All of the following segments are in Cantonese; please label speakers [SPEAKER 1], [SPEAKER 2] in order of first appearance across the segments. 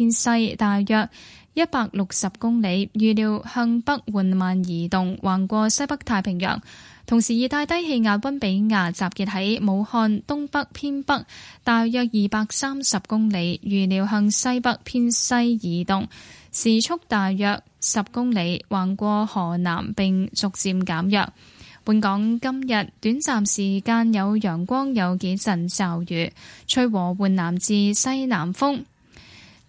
[SPEAKER 1] 偏西，大約一百六十公里，預料向北緩慢移動，橫過西北太平洋。同時，熱帶低氣壓溫比亞集結喺武漢東北偏北，大約二百三十公里，預料向西北偏西移動，時速大約十公里，橫過河南並逐漸減弱。本港今日短暫時間有陽光，有幾陣驟雨，吹和緩南至西南風。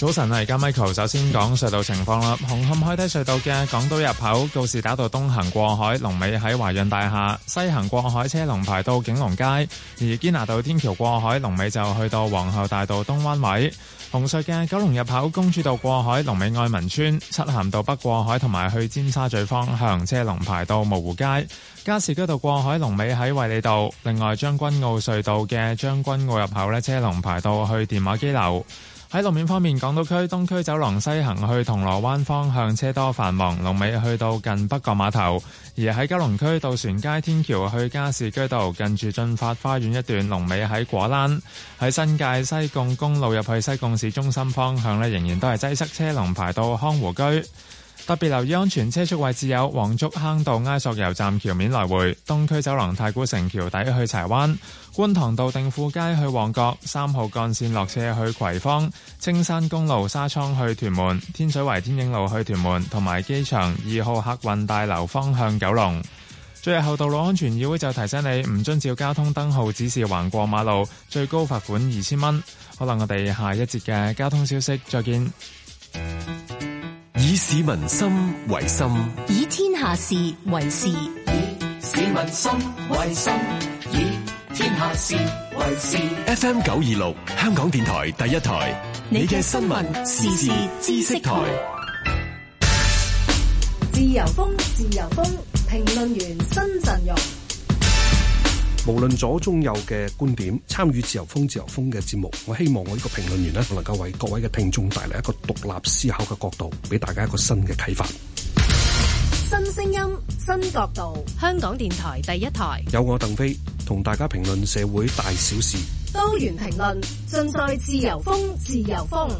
[SPEAKER 2] 早晨，係家 Michael。首先講隧道情況啦。紅磡海底隧道嘅港島入口告士打道東行過海，龍尾喺華潤大廈；西行過海車龍排到景隆街。而堅拿道天橋過海龍尾就去到皇后大道東彎位。紅隧嘅九龍入口公主道過海龍尾愛民村；漆咸道北過海同埋去尖沙咀方向車龍排到蕪湖街。加士居道過海龍尾喺衛理道。另外將軍澳隧道嘅將軍澳入口呢，車龍排到去電話機樓。喺路面方面，港島區東區走廊西行去銅鑼灣方向車多繁忙，龍尾去到近北角碼頭；而喺九龍區渡船街天橋去加士居道近住進發花園一段，龍尾喺果欄；喺新界西貢公路入去西貢市中心方向呢，仍然都係擠塞，車龍排到康湖居。特別留意安全車速位置，有黃竹坑道埃索油站橋面來回、東區走廊太古城橋底去柴灣、觀塘道定富街去旺角、三號幹線落車去葵芳、青山公路沙涌去屯門、天水圍天影路去屯門同埋機場二號客運大樓方向九龍。最後，道路安全議會就提醒你唔遵照交通燈號指示橫過馬路，最高罰款二千蚊。好喇，我哋下一節嘅交通消息再見。以市民心為心，
[SPEAKER 3] 以天下事為事。以市民心為心，
[SPEAKER 4] 以天下事為事。
[SPEAKER 5] FM 九二六，香港電台第一台，你嘅新聞,的新聞時事知識台，
[SPEAKER 4] 自由風，自由風，評論員：新振榮。
[SPEAKER 5] 無論左中右的觀點參與自由風自由風的節目，我希望我呢個評論員呢能夠為各位的聽眾帶來一個獨立思考的角度，俾大家一個新的啟發、
[SPEAKER 4] 新聲音、新角度。香港電台第一台
[SPEAKER 5] 有我鄧飛同大家評論社會大小事，
[SPEAKER 4] 多元評論盡在自由風自
[SPEAKER 5] 由風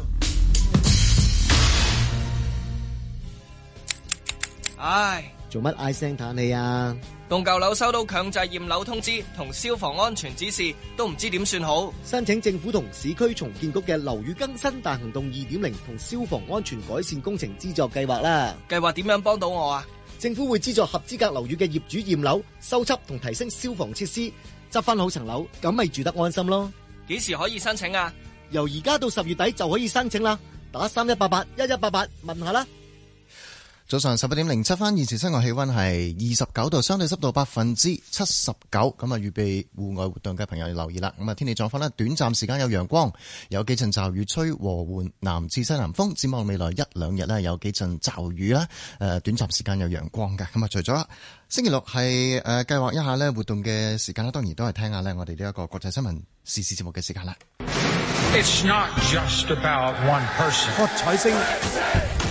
[SPEAKER 5] 唉，
[SPEAKER 6] 做乜唉聲嘆氣啊？
[SPEAKER 5] 棟舊樓收到強制驗樓通知同消防安全指示，都唔知點算好？
[SPEAKER 6] 申請政府同市區重建局嘅樓宇
[SPEAKER 5] 更新大行動二點零同消防安全改善工程資助計劃啦！計劃點樣幫到我啊？政府會資助合資格樓宇嘅業主驗樓、修葺同提升消防設施，
[SPEAKER 6] 執翻好層樓，咁咪住得安心咯？
[SPEAKER 5] 幾時可以申請啊？
[SPEAKER 6] 由而家到十月底就可以申請啦！打三一八八一一八八問下啦。早上十一點零七分，現時室外氣溫係二十九度，相對濕度百分之七十九。咁啊，預備戶外活動嘅朋友要留意啦。咁啊，天氣狀況呢？短暫時間有陽光，有幾陣驟雨，吹和緩南至西南風。展望未來一兩日呢，有幾陣驟雨啦，誒，短暫時間有陽光嘅。咁啊，除咗星期六係誒計劃一下呢活動嘅時間啦，當然都係聽下呢我哋呢一個國際新聞時事節目嘅時間啦。
[SPEAKER 3] It's not just about one person.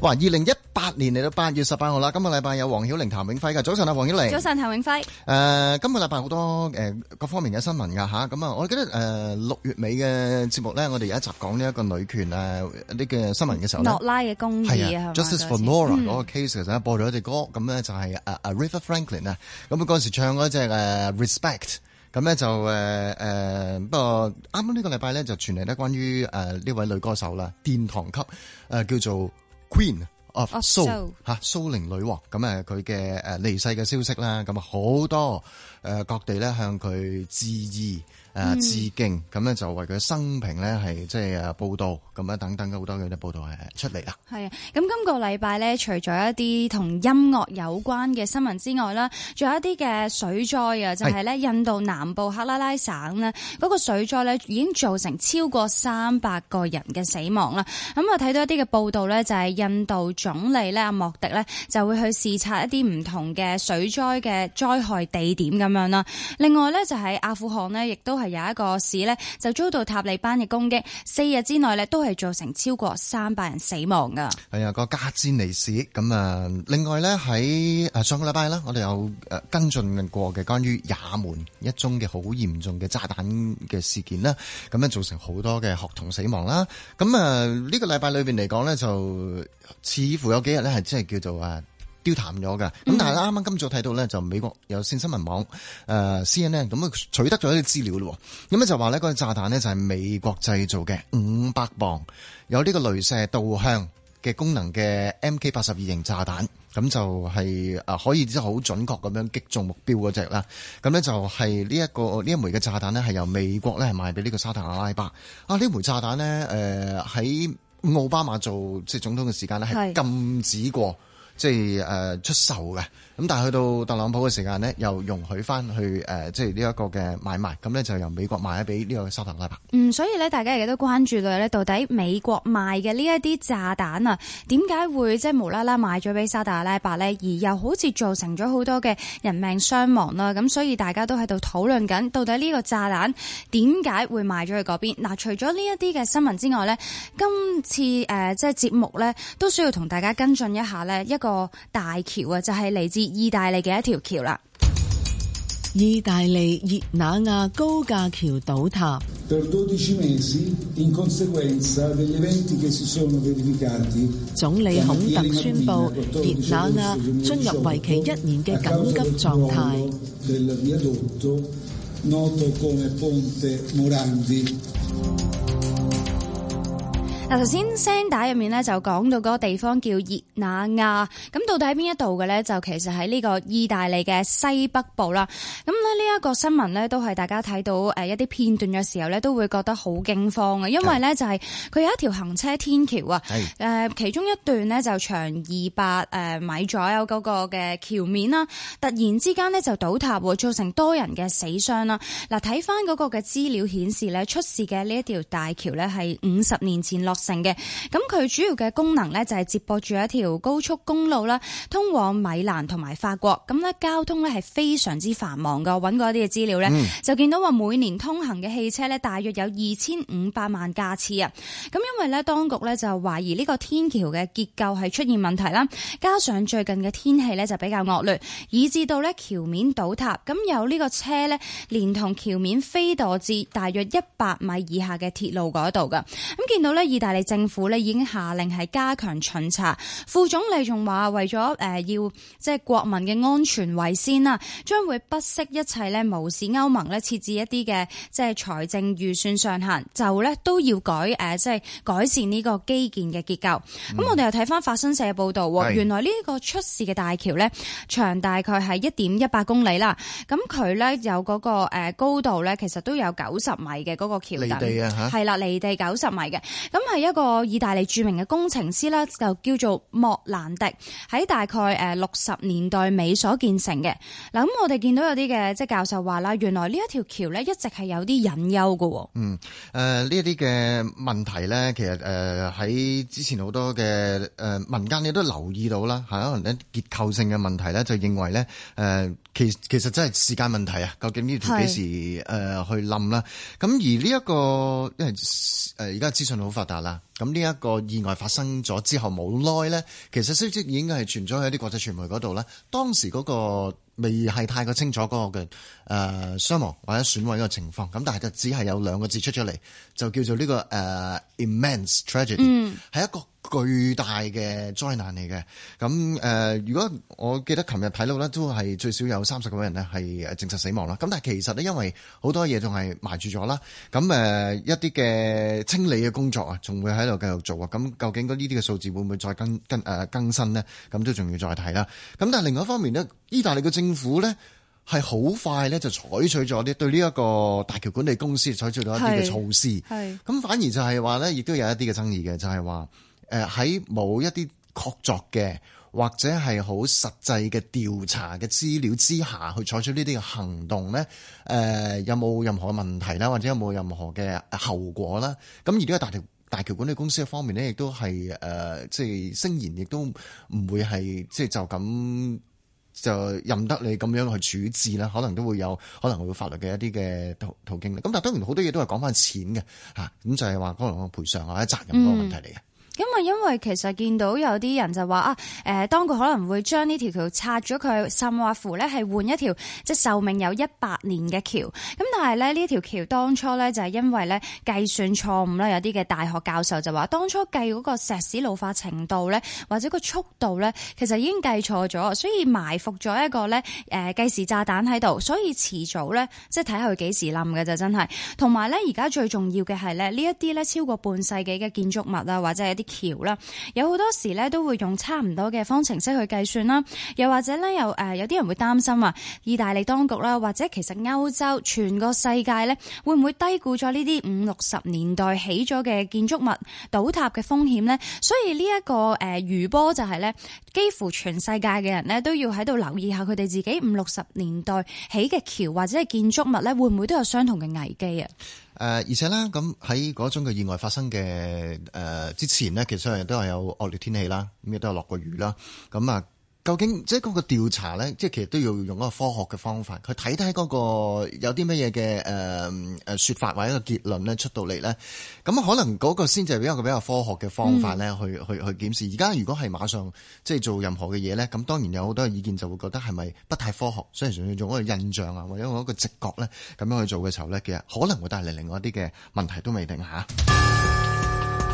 [SPEAKER 6] 哇！二零一八年嚟到八月十八號啦，今個禮拜有黃曉玲、譚永輝噶。早晨啊，黃曉玲。早
[SPEAKER 7] 晨，譚永輝。
[SPEAKER 6] 誒，今個禮拜好多誒各方面嘅新聞噶吓，咁啊，我記得誒六月尾嘅節目咧，我哋有一集講呢一個女權啊呢個新聞嘅時候咧，諾拉
[SPEAKER 7] 嘅公義啊，Justice for Nora 嗰個
[SPEAKER 6] case 其實播咗隻歌，咁咧就係誒 Aretha Franklin 啊，咁啊嗰陣時唱嗰隻誒 Respect，咁咧就誒誒不過啱啱呢個禮拜咧就傳嚟咧關於誒呢位女歌手啦，殿堂級誒叫做。Queen of Soul 嚇 Seoul 蘇寧女王，咁誒佢嘅誒離世嘅消息啦，咁啊好多誒各地咧向佢致意。誒致敬咁呢就為佢生平呢係即係誒報道咁等等好多嘅報道係出嚟啦。
[SPEAKER 7] 係啊，咁今個禮拜呢，除咗一啲同音樂有關嘅新聞之外啦，仲有一啲嘅水災啊，就係呢印度南部克拉拉省呢，嗰個水災呢已經造成超過三百個人嘅死亡啦。咁啊，睇到一啲嘅報道呢，就係印度總理呢阿莫迪呢就會去視察一啲唔同嘅水災嘅災害地點咁樣啦。另外呢，就喺阿富汗呢，亦都係。有一個市呢，就遭到塔利班嘅攻擊，四日之內呢，都係造成超過三百人死亡噶。
[SPEAKER 6] 係啊，個加茲尼市咁啊。另外咧喺誒上個禮拜啦，我哋有誒跟進過嘅關於也門一宗嘅好嚴重嘅炸彈嘅事件啦，咁啊，造成好多嘅學童死亡啦。咁啊呢個禮拜裏邊嚟講咧，就似乎有幾日咧係真係叫做啊。丟談咗嘅，咁，但係啱啱今早睇到咧，就美國有線新聞網誒 CNN 咧，咁啊取得咗啲資料咯。咁咧就話呢個炸彈呢，就係美國製造嘅五百磅有呢個雷射導向嘅功能嘅 M K 八十二型炸彈，咁就係啊可以即係好準確咁樣擊中目標嗰隻啦。咁咧就係呢一個呢一枚嘅炸彈呢，係由美國咧係賣俾呢個沙特阿拉伯啊。呢枚炸彈呢，喺奧巴馬做即係總統嘅時間咧係禁止過。即係誒出售嘅。咁但係去到特朗普嘅時間呢又容許翻去誒，即係呢一個嘅買賣，咁呢就由美國賣咗俾呢個沙特阿拉伯。
[SPEAKER 7] 嗯，所以呢，大家亦都關注到呢，到底美國賣嘅呢一啲炸彈啊，點解會即係無啦啦賣咗俾沙特阿拉伯呢？而又好似造成咗好多嘅人命傷亡啦。咁所以大家都喺度討論緊，到底呢個炸彈點解會賣咗去嗰邊？嗱，除咗呢一啲嘅新聞之外呢，今次誒，即係節目呢都需要同大家跟進一下呢一個大橋啊，就係嚟自。
[SPEAKER 3] 意大利嘅一條橋啦，意大利熱那亞高架橋倒塌。總理孔特宣布熱那亞進入為期一年嘅緊急
[SPEAKER 7] 狀
[SPEAKER 6] 態。
[SPEAKER 7] 嗱，頭先聲帶入面咧就講到個地方叫熱那亞，咁到底喺邊一度嘅咧？就其實喺呢個意大利嘅西北部啦。咁咧呢一個新聞咧都係大家睇到誒一啲片段嘅時候咧都會覺得好驚慌嘅，因為咧就係佢有一條行車天橋啊，誒是其中一段咧就長二百誒米左右個嘅橋面啦，突然之間咧就倒塌，造成多人嘅死傷啦。嗱，睇翻個嘅資料顯示咧，出事嘅呢一條大橋咧係五十年前落。成嘅，咁佢主要嘅功能呢，就係接駁住一條高速公路啦，通往米蘭同埋法國。咁呢交通呢，係非常之繁忙噶我搵過一啲嘅資料呢，嗯、就見到話每年通行嘅汽車呢，大約有二千五百萬架次啊。咁因為呢，當局呢，就懷疑呢個天橋嘅結構係出現問題啦，加上最近嘅天氣呢，就比較惡劣，以致到呢橋面倒塌，咁有呢個車呢，連同橋面飛墮至大約一百米以下嘅鐵路嗰度噶。咁見到呢。係你政府咧已經下令係加強巡查，副總理仲話為咗誒，要即係國民嘅安全為先啦，將會不惜一切咧無視歐盟咧設置一啲嘅即係財政預算上限，就咧都要改誒，即係改善呢個基建嘅結構。咁、嗯、我哋又睇翻法新社嘅報導是原來呢個出事嘅大橋咧長大概係一點一八公里啦，咁佢咧有嗰個高度咧其實都有九十米嘅嗰個橋墩，係啦、啊，離地九十米嘅，咁一個意大利著名嘅工程師咧就叫做莫蘭迪，喺大概誒六十年代尾所建成嘅。嗱、嗯，咁我哋見到有啲嘅即係教授話啦，原來呢一條橋咧一直係有啲隱憂噶。嗯，誒
[SPEAKER 6] 呢一啲嘅問題咧，其實誒喺、呃、之前好多嘅誒、呃、民間你都留意到啦，係可能咧結構性嘅問題咧，就認為咧誒、呃、其實其實真係時間問題啊，究竟呢條幾時誒去冧啦？咁是、呃、而呢、這、一個誒誒而家資訊好發達啦。咁呢一個意外發生咗之後，冇耐咧，其實消息已經係傳咗喺啲國際傳媒嗰度，呢當時嗰、嗰個未係太過清楚嗰、嗰個嘅誒、呃、傷亡或者損毀個情況，咁但係就只係有兩個字出咗嚟，就叫做呢、呢個誒、呃、immense tragedy，係、嗯、一個。巨大嘅災難嚟嘅，咁誒、呃，如果我記得琴日睇到咧，都係最少有三十個人呢係誒證實死亡啦。咁但係其實呢，因為好多嘢仲係埋住咗啦，咁誒、呃、一啲嘅清理嘅工作啊，仲會喺度繼續做啊。咁究竟呢啲嘅數字會唔會再更更、呃、更新呢？咁都仲要再睇啦。咁但係另外一方面呢，意大利嘅政府呢係好快呢，就採取咗啲對呢一個大橋管理公司採取咗一啲嘅措施，咁反而就係話呢，亦都有一啲嘅爭議嘅，就係話。誒喺冇一啲確鑿嘅或者係好實際嘅調查嘅資料之下，去採取呢啲嘅行動咧，誒、呃、有冇任何問題啦，或者有冇任何嘅後果啦？咁而呢個大橋大橋管理公司嘅方面咧，亦都係誒即係聲言，亦都唔會係即係就咁、是、就任得你咁樣去處置啦。可能都會有可能會有法律嘅一啲嘅途途徑啦。咁但當然好多嘢都係講翻錢嘅嚇，咁、啊、就係、是、話可能個賠償一責任嗰個問題嚟嘅。嗯
[SPEAKER 7] 因為因為其實見到有啲人就話啊，誒、呃，當局可能會將呢條橋拆咗佢，甚或乎呢係換一條即係、就是、壽命有一百年嘅橋。咁但係呢呢條橋當初呢，就係、是、因為呢計算錯誤啦，有啲嘅大學教授就話，當初計嗰個石屎老化程度呢，或者個速度呢，其實已經計錯咗，所以埋伏咗一個呢誒、呃、計時炸彈喺度，所以遲早呢，即睇下佢幾時冧嘅就真係。同埋呢，而家最重要嘅係呢呢一啲呢超過半世紀嘅建築物啊，或者有啲橋啦，有好多時咧都會用差唔多嘅方程式去計算啦，又或者咧，有誒有啲人會擔心啊，意大利當局啦，或者其實歐洲全個世界咧，會唔會低估咗呢啲五六十年代起咗嘅建築物倒塌嘅風險呢？所以呢一個誒餘波就係咧，幾乎全世界嘅人呢都要喺度留意下佢哋自己五六十年代起嘅橋或者係建築物咧，會唔會都有相同嘅危機啊？
[SPEAKER 6] 誒而且呢，咁喺嗰種嘅意外發生嘅誒之前呢，其實都係有惡劣天氣啦，咁亦都有落過雨啦，咁啊。究竟即係嗰個調查咧，即係其實都要用一個科學嘅方法，去睇睇嗰個有啲乜嘢嘅誒誒說法或者一個結論咧出到嚟咧，咁可能嗰個先至係一個比較科學嘅方法咧，嗯、去去去檢視。而家如果係馬上即係做任何嘅嘢咧，咁當然有好多嘅意見就會覺得係咪不，不太科學，雖然想要用一個印象啊或者用一個直覺咧咁樣去做嘅時候咧，其實可能會帶嚟另外一啲嘅問題都未定吓。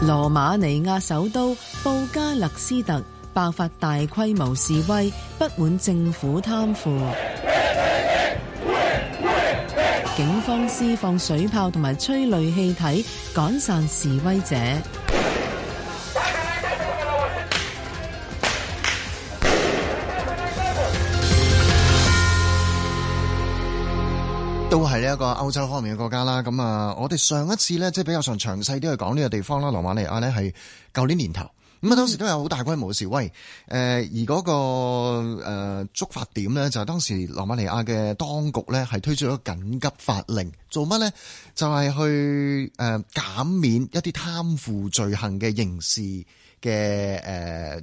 [SPEAKER 3] 羅馬尼亞首都布加勒斯特，爆發大規模示威，不滿政府貪腐。警方施放水炮同埋催淚氣體，趕散示威者。
[SPEAKER 6] 都係呢一個歐洲方面嘅國家啦。咁啊，我哋上一次呢，即係比較上詳細啲去講呢個地方啦。羅馬尼亞呢，係舊年年頭。咁啊，當時都有好大規模嘅示威，誒，而嗰個誒觸發點咧，就係當時羅馬尼亞嘅當局咧，係推出咗緊急法令，做乜咧？就係、是、去誒減免一啲貪腐罪行嘅刑事嘅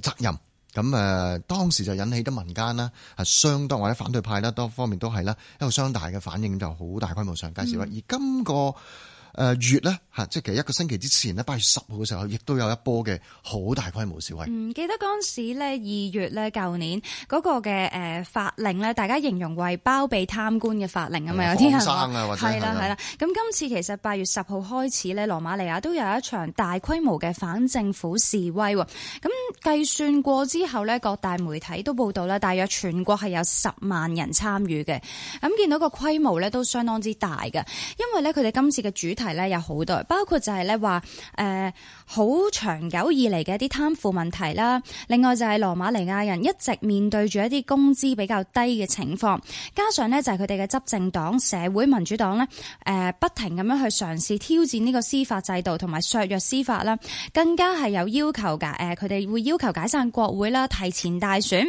[SPEAKER 6] 誒責任。咁誒，當時就引起得民間啦，係相當或者反對派啦，多方面都係啦，一個相大嘅反應就好大規模上街示威啦。嗯、而今、這個。誒、呃、月呢，即係其實一個星期之前呢八月十號嘅時候，亦都有一波嘅好大規模示威，嗯。唔
[SPEAKER 7] 記得嗰陣時呢，二月呢，舊年嗰個嘅、呃、法令呢，大家形容為包庇貪官嘅法令，咁咪有啲生啦，係啦係啦。咁今次其實八月十號開始呢，羅馬尼亞都有一場大規模嘅反政府示威喎。咁計算過之後呢，各大媒體都報道呢，大約全國係有十萬人參與嘅。咁見到個規模呢，都相當之大嘅，因為呢，佢哋今次嘅主題，係咧有好多，包括就係咧話誒好長久以嚟嘅一啲貪腐問題啦，另外就係羅馬尼亞人一直面對住一啲工資比較低嘅情況，加上呢就係佢哋嘅執政黨社會民主黨呢誒不停咁樣去嘗試挑戰呢個司法制度同埋削弱司法啦，更加係有要求噶誒佢哋會要求解散國會啦，提前大選，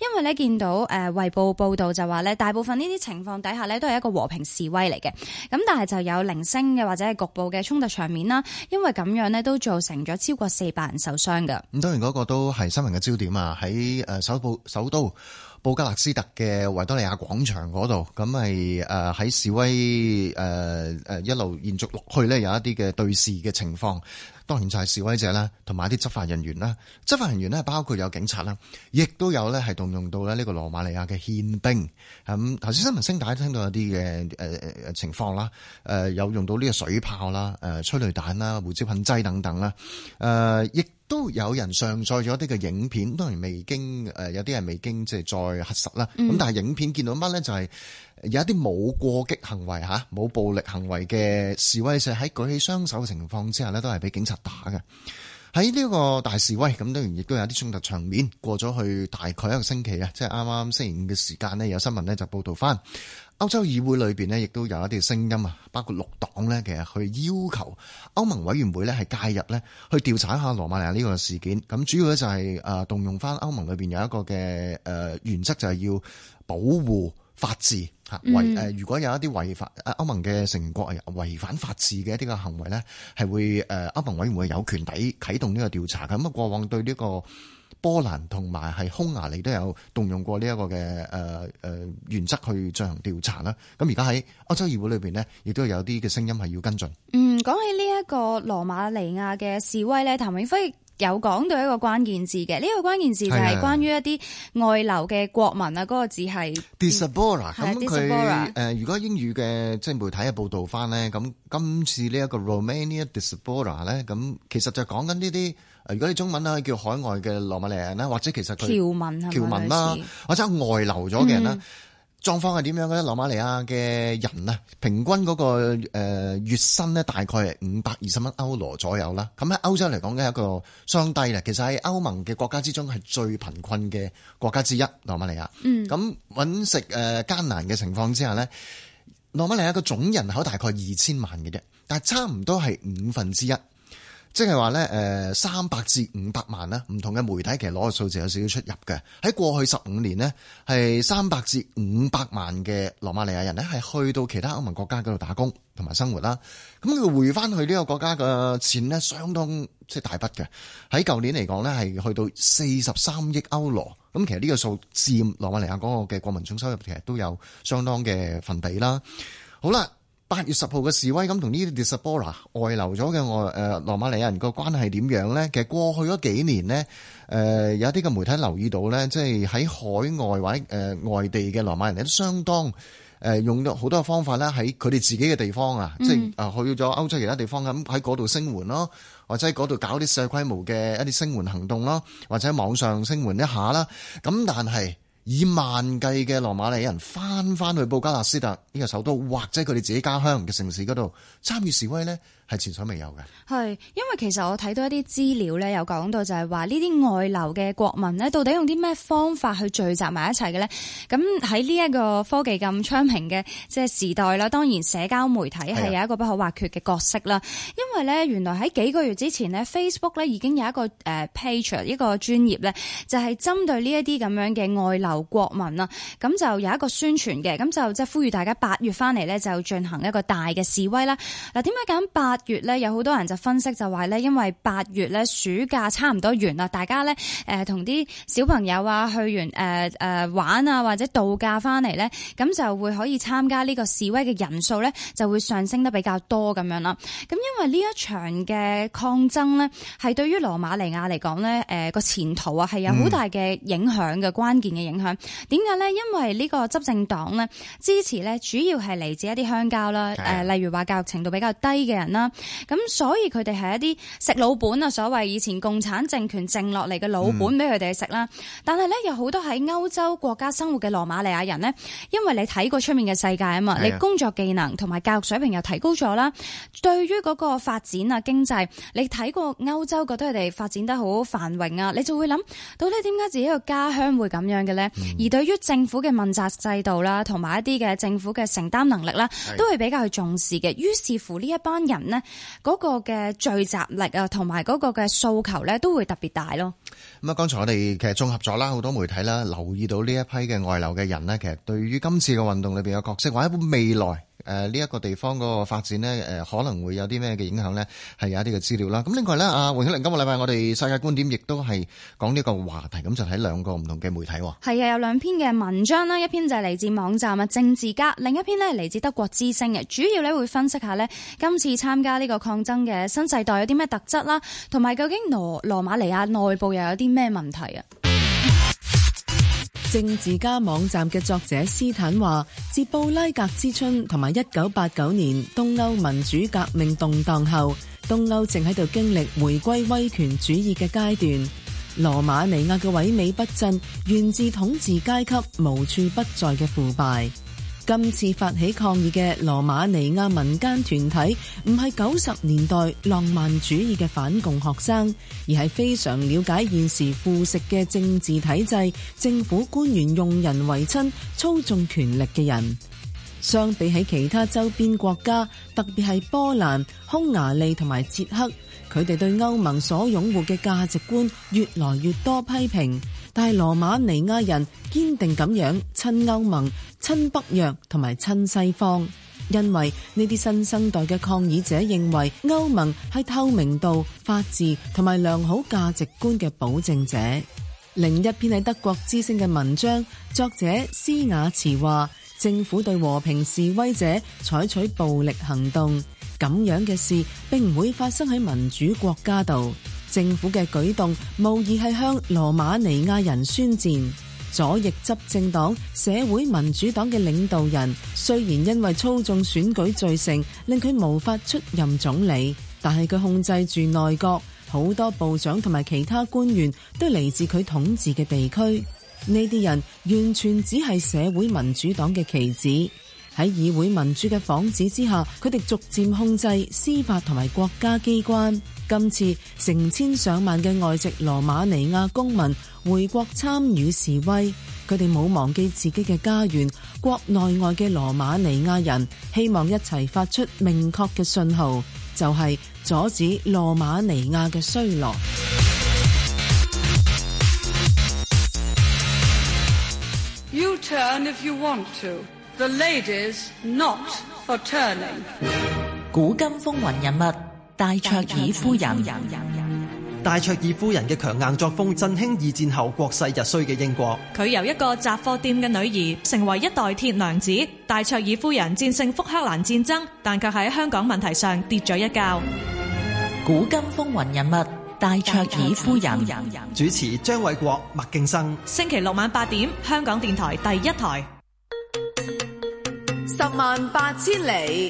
[SPEAKER 7] 因為呢見到誒衛報報道就話呢，大部分呢啲情況底下呢都係一個和平示威嚟嘅，咁但係就有零星嘅或者。即局部嘅衝突場面啦，因為咁樣咧都造成咗超過四百人受傷噶。咁當
[SPEAKER 6] 然嗰個都係新聞嘅焦點啊，喺誒首部首都。布加勒斯特嘅維多利亞廣場嗰度，咁係誒喺示威誒誒、呃、一路延續落去咧，有一啲嘅對峙嘅情況。當然就係示威者啦，同埋一啲執法人員啦。執法人員咧，包括有警察啦，亦都有咧係動用到咧呢個羅馬尼亞嘅憲兵。咁頭先新聞聲帶，大家聽到有啲嘅誒誒情況啦，誒、呃、有用到呢個水炮啦、誒、呃、催淚彈啦、胡椒噴劑等等啦，誒、呃、亦。都有人上載咗一啲嘅影片，當然未經誒有啲人未經即係再核實啦。咁、嗯、但係影片見到乜咧？就係、是、有一啲冇過激行為吓冇暴力行為嘅示威者喺舉起雙手嘅情況之下咧，都係俾警察打嘅。喺呢個大示威咁，當然亦都有啲衝突場面。過咗去大概一個星期啊，即係啱啱星期五嘅時間呢，有新聞咧就報道翻。歐洲議會裏邊呢亦都有一啲聲音啊，包括綠黨呢其實去要求歐盟委員會呢係介入呢去調查一下羅馬尼亞呢個事件。咁主要呢就係啊動用翻歐盟裏邊有一個嘅誒原則，就係要保護法治吓違誒。如果有一啲違法啊歐盟嘅成員國違反法治嘅一啲嘅行為呢係會誒歐盟委員會有權底啟動呢個調查咁啊過往對呢個波蘭同埋係匈牙利都有動用過呢一個嘅原則去進行調查啦。咁而家喺歐洲議會裏面呢，亦都有啲嘅聲音係要跟進。嗯，
[SPEAKER 7] 講起呢一個羅馬尼亞嘅示威咧，譚永輝有講到一個關鍵字嘅。呢個關鍵字就係關於一啲外流嘅國民啊，嗰個字係
[SPEAKER 6] Diaspora。咁佢如果英語嘅即係媒體嘅報導翻呢，咁今次呢一個 Romania Diaspora 咧，咁其實就講緊呢啲。如果你中文啦，叫海外嘅羅馬尼亞人啦，或者其實佢，僑民僑民啦，民似或者外流咗嘅人啦，嗯、狀況係點樣嘅咧？羅馬尼亞嘅人呢，平均嗰個月薪呢，大概係五百二十蚊歐羅左右啦。咁喺歐洲嚟講咧，一個相低啦。其實喺歐盟嘅國家之中係最貧困嘅國家之一，羅馬尼亞。嗯，咁揾食誒艱難嘅情況之下呢，羅馬尼亞個總人口大概二千萬嘅啫，但係差唔多係五分之一。即係話咧，誒，三百至五百萬啦，唔同嘅媒體其實攞嘅數字有少少出入嘅。喺過去十五年呢，係三百至五百萬嘅羅馬尼亞人呢係去到其他歐盟國家嗰度打工同埋生活啦。咁佢回翻去呢個國家嘅錢呢，相當即係大筆嘅。喺舊年嚟講呢，係去到四十三億歐羅。咁其實呢個數佔羅馬尼亞嗰個嘅國民總收入其實都有相當嘅份比啦。好啦。八月十號嘅示威咁，同呢啲 diaspora 外流咗嘅外、誒羅馬尼亞人個關係點樣咧？其實過去嗰幾年咧，誒有一啲嘅媒體留意到咧，即係喺海外或者誒外地嘅羅馬尼人都相當誒用咗好多方法咧，喺佢哋自己嘅地方啊，即係啊去咗歐洲其他地方咁，喺嗰度聲援咯，或者喺嗰度搞啲細規模嘅一啲聲援行動咯，或者網上聲援一下啦。咁但係。以萬計嘅羅馬尼亞人翻翻去布加勒斯特呢個首都，或者佢哋自己家鄉嘅城市嗰度參與示威咧。係前所未有嘅，
[SPEAKER 7] 係因為其實我睇到一啲資料咧，有講到就係話呢啲外流嘅國民呢，到底用啲咩方法去聚集埋一齊嘅呢？咁喺呢一個科技咁昌平嘅即係時代啦，當然社交媒體係有一個不可或缺嘅角色啦。的因為呢，原來喺幾個月之前呢的 Facebook 呢已經有一個誒、uh, page 一個專業呢就係、是、針對呢一啲咁樣嘅外流國民啦。咁就有一個宣傳嘅，咁就即係呼籲大家八月翻嚟呢，就進行一個大嘅示威啦。嗱，點解八？月咧有好多人就分析就話咧，因為八月咧暑假差唔多完啦，大家咧誒同啲小朋友啊去完誒誒、呃呃、玩啊或者度假翻嚟呢，咁就會可以參加呢個示威嘅人數呢就會上升得比較多咁樣啦。咁因為呢一場嘅抗爭呢，係對於羅馬尼亞嚟講呢誒個前途啊係有好大嘅影響嘅、嗯、關鍵嘅影響。點解呢？因為呢個執政黨咧支持呢，主要係嚟自一啲鄉郊啦，誒的例如話教育程度比較低嘅人啦。咁所以佢哋係一啲食老本啊，所謂以前共產政權剩落嚟嘅老本俾佢哋食啦。嗯、但係咧，有好多喺歐洲國家生活嘅羅馬尼亞人呢，因為你睇過出面嘅世界啊嘛，你是的 工作技能同埋教育水平又提高咗啦。對於嗰個發展啊經濟，你睇過歐洲覺得佢哋發展得好繁榮啊，你就會諗到底點解自己個家鄉會咁樣嘅呢？」嗯、而對於政府嘅問責制度啦，同埋一啲嘅政府嘅承擔能力啦，都會比較去重視嘅。於是乎呢一班人。咧嗰個嘅聚集力啊，同埋嗰個嘅訴求咧，都會特別大咯。咁
[SPEAKER 6] 啊，剛才我哋其實綜合咗啦，好多媒體啦，留意到呢一批嘅外流嘅人咧，其實對於今次嘅運動裏邊嘅角色，或者未來。誒，呢一，呃這個地方個發展呢，誒可能會有啲咩嘅影響呢？係有一啲嘅資料啦。咁另外呢，阿黃曉玲，今個禮拜我哋世界觀點亦都係講呢個話題，咁就喺，是，兩個唔同嘅媒體。
[SPEAKER 7] 係啊，有兩篇嘅文章啦，一篇就係嚟自網站啊，政治家；另一篇呢係嚟自德國之聲嘅，主要呢會分析下呢，今次參加呢個抗爭嘅新世代有啲咩特質啦，同埋究竟羅羅馬尼亞內部又有啲咩問題啊？
[SPEAKER 3] 政治家網站嘅作者斯坦話：自布拉格之春同埋一九八九年東歐民主革命動盪後，東歐正喺度經歷回歸威權主義嘅階段。羅馬尼亞嘅萎靡不振，源自統治階級無處不在嘅腐敗。今次發起抗議嘅羅馬尼亞民間團體唔係九十年代浪漫主義嘅反共學生，而係非常了解現時腐蝕嘅政治體制、政府官員用人唯親、操縱權力嘅人。相比起其他周邊國家，特別係波蘭、匈牙利同埋捷克，佢哋對歐盟所擁護嘅價值觀越來越多批評。但係羅馬尼亞人堅定咁樣親歐盟、親北約同埋親西方，因為呢啲新生代嘅抗議者認為歐盟係透明度、法治同埋良好價值觀嘅保證者。另一篇喺德國之聲嘅文章，作者施雅慈話：政府對和平示威者採取暴力行動，咁樣嘅事並唔會發生喺民主國家度。政府嘅舉動，無疑係向羅馬尼亞人宣戰。左翼執政黨社會民主黨嘅領導人，雖然因為操縱選舉罪成，令佢無法出任總理，但係佢控制住內閣，好多部長同埋其他官員，都嚟自佢統治嘅地區。呢啲人完全只係社會民主黨嘅棋子，喺議會民主嘅幌子之下，佢哋逐漸控制司法同埋國家機關。今次成千上萬嘅外籍羅馬尼亞公民回國參與示威，佢哋冇忘記自己嘅家園，國內外嘅羅馬尼亞人希望一齊發出明確嘅信號，就係阻止羅馬尼亞嘅衰落。You turn if you want
[SPEAKER 1] to. The lady's not for turning.
[SPEAKER 3] 古今風
[SPEAKER 5] 雲人物。戴卓爾夫人，戴卓爾夫人嘅強硬作風振興二戰後國勢日衰嘅英國。
[SPEAKER 4] 佢由一個雜貨店嘅女兒成為一代鐵娘子。戴卓爾夫人戰勝福克蘭戰爭，但卻喺香港問題上跌咗一跤。古今風雲人物，戴卓爾夫人。
[SPEAKER 5] 主持張偉國、麥敬生。
[SPEAKER 4] 星期六晚八點，香港電台第一台。
[SPEAKER 3] 十萬八千里。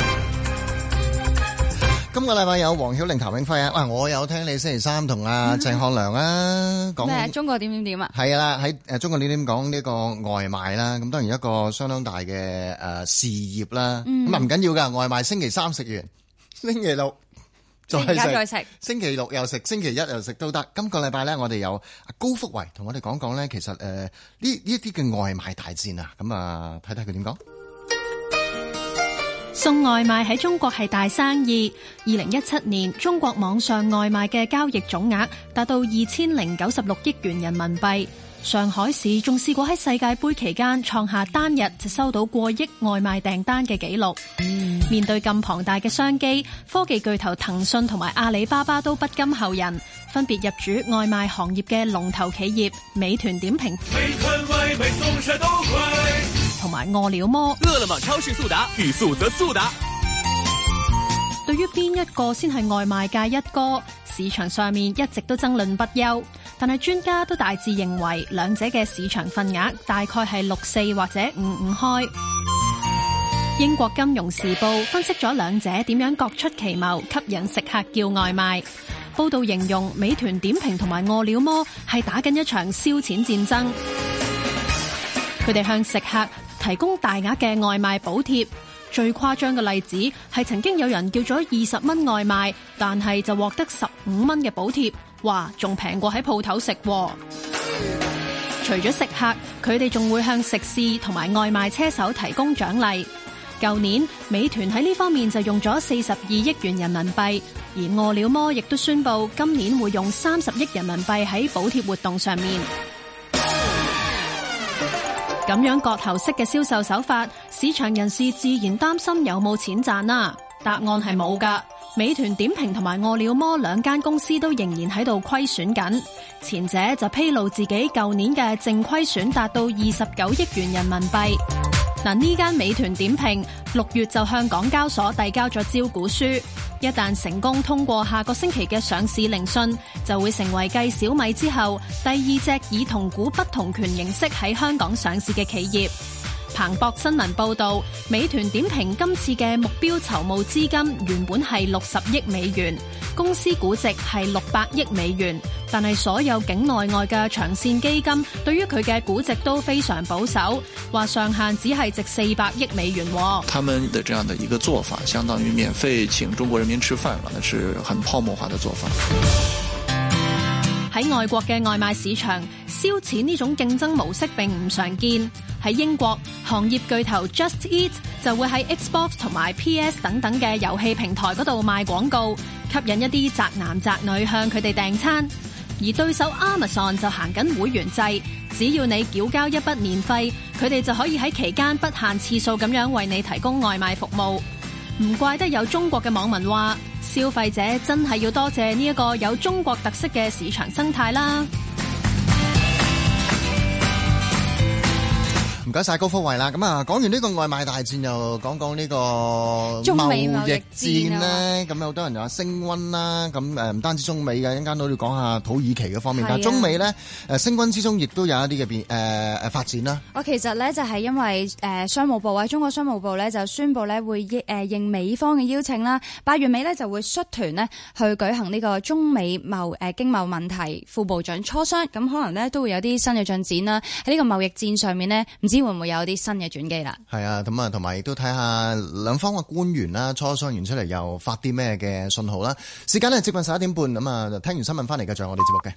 [SPEAKER 6] 今個禮拜有黃曉玲、譚永輝啊，我有聽你星期三同阿鄭漢良啊講，嗯，咩？
[SPEAKER 7] 中國點點點啊？係
[SPEAKER 6] 啦，喺誒中國點點講呢個外賣啦，咁當然一個相當大嘅誒事業啦，咁啊唔緊要噶，外賣星期三食完，星期六
[SPEAKER 1] 再食，星期，再
[SPEAKER 6] 星期六又食，星期一又食都得。今個禮拜咧，我哋有高福維同我哋講講咧，其實誒呢呢啲嘅外賣大戰啊，咁啊睇睇佢點講。
[SPEAKER 4] 送外賣喺中國係大生意。二零一七年，中國網上外賣嘅交易總額達到二千零九十六億元人民幣。上海市仲試過喺世界杯期間創下單日就收到過億外賣訂單嘅紀錄。嗯、面對咁龐大嘅商機，科技巨頭騰訊同埋阿里巴巴都不甘後人，分別入主外賣行業嘅龍頭企業、美團點評。同埋餓了麼，餓了麼
[SPEAKER 5] 超市速達，語速則速達。
[SPEAKER 4] 對於邊一個先係外賣界一哥，市場上面一直都爭論不休。但係專家都大致認為兩者嘅市場份額大概係六四或者五五開。英國金融時報分析咗兩者點樣各出奇謀吸引食客叫外賣。報道形容美團點評同埋餓了麼係打緊一場燒錢戰爭。佢哋向食客提供大額嘅外賣補貼，最誇張嘅例子係曾經有人叫咗二十蚊外賣，但係就獲得十五蚊嘅補貼，話仲平過喺鋪頭食。 除咗食客，佢哋仲會向食肆同埋外賣車手提供獎勵。舊年美團喺呢方面就用咗四十二億元人民幣，而餓了麼亦都宣布今年會用三十億人民幣喺補貼活動上面。咁樣割頭式嘅銷售手法，市場人士自然擔心有冇錢賺啦、啊。答案係冇噶。美團點評同埋餓了麼兩間公司都仍然喺度虧損緊，前者就披露自己舊年嘅淨虧損達到二十九億元人民幣。嗱，呢間美團點評六月就向港交所遞交咗招股書，一旦成功通過，下個星期嘅上市聆訊，就會成為繼小米之後第二隻以同股不同權形式喺香港上市嘅企業。彭博新聞報道，美團點評今次嘅目標籌募資金原本係六十億美元，公司估值係六百億美元，但係所有境內外嘅長線基金對於佢嘅估值都非常保守，話上限只係值四百億美元。
[SPEAKER 6] 他們的這樣的一個做法，相當於免費請中國人民吃飯了，那是很泡沫化的做法。
[SPEAKER 4] 喺外國嘅外賣市場，燒錢呢種競爭模式並唔常見。喺英國，行業巨頭 Just Eat 就會喺 Xbox 同埋 PS 等等嘅遊戲平台嗰度賣廣告，吸引一啲宅男宅女向佢哋訂餐。而對手 Amazon 就行緊會員制，只要你繳交一筆年費，佢哋就可以喺期間不限次數咁樣為你提供外賣服務。唔怪得有中國嘅網民話：消費者真係要多謝呢一個有中國特色嘅市場生態啦！
[SPEAKER 6] 唔該晒高福慧啦，咁啊講完呢個外賣大戰，又講講呢個貿易戰呢，咁有好多人就話升溫啦。咁誒唔單止中美嘅，一間都要講下土耳其嘅方面。啊、但中美呢，誒升溫之中，亦都有一啲嘅變誒誒發展啦。
[SPEAKER 7] 我其實呢，就係因為誒商務部喺中國商務部呢，就宣布呢會誒應美方嘅邀請啦，八月尾呢，就會率團呢去舉行呢個中美貿誒經貿問題副部長磋商。咁可能呢，都會有啲新嘅進展啦。喺呢個貿易戰上面呢，唔知。會唔會有啲新嘅轉機啦？
[SPEAKER 6] 係啊，咁啊，同埋亦都睇下兩方嘅官員啦、磋商完出嚟又發啲咩嘅信號啦。時間咧接近十一點半，咁啊，就聽完新聞翻嚟嘅就係我哋節目嘅。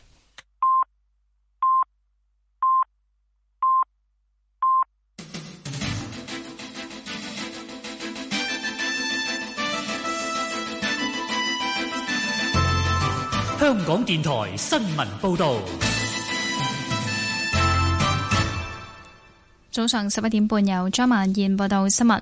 [SPEAKER 1] 香港電台新聞報道。早上十一點半，由張萬燕報道新聞。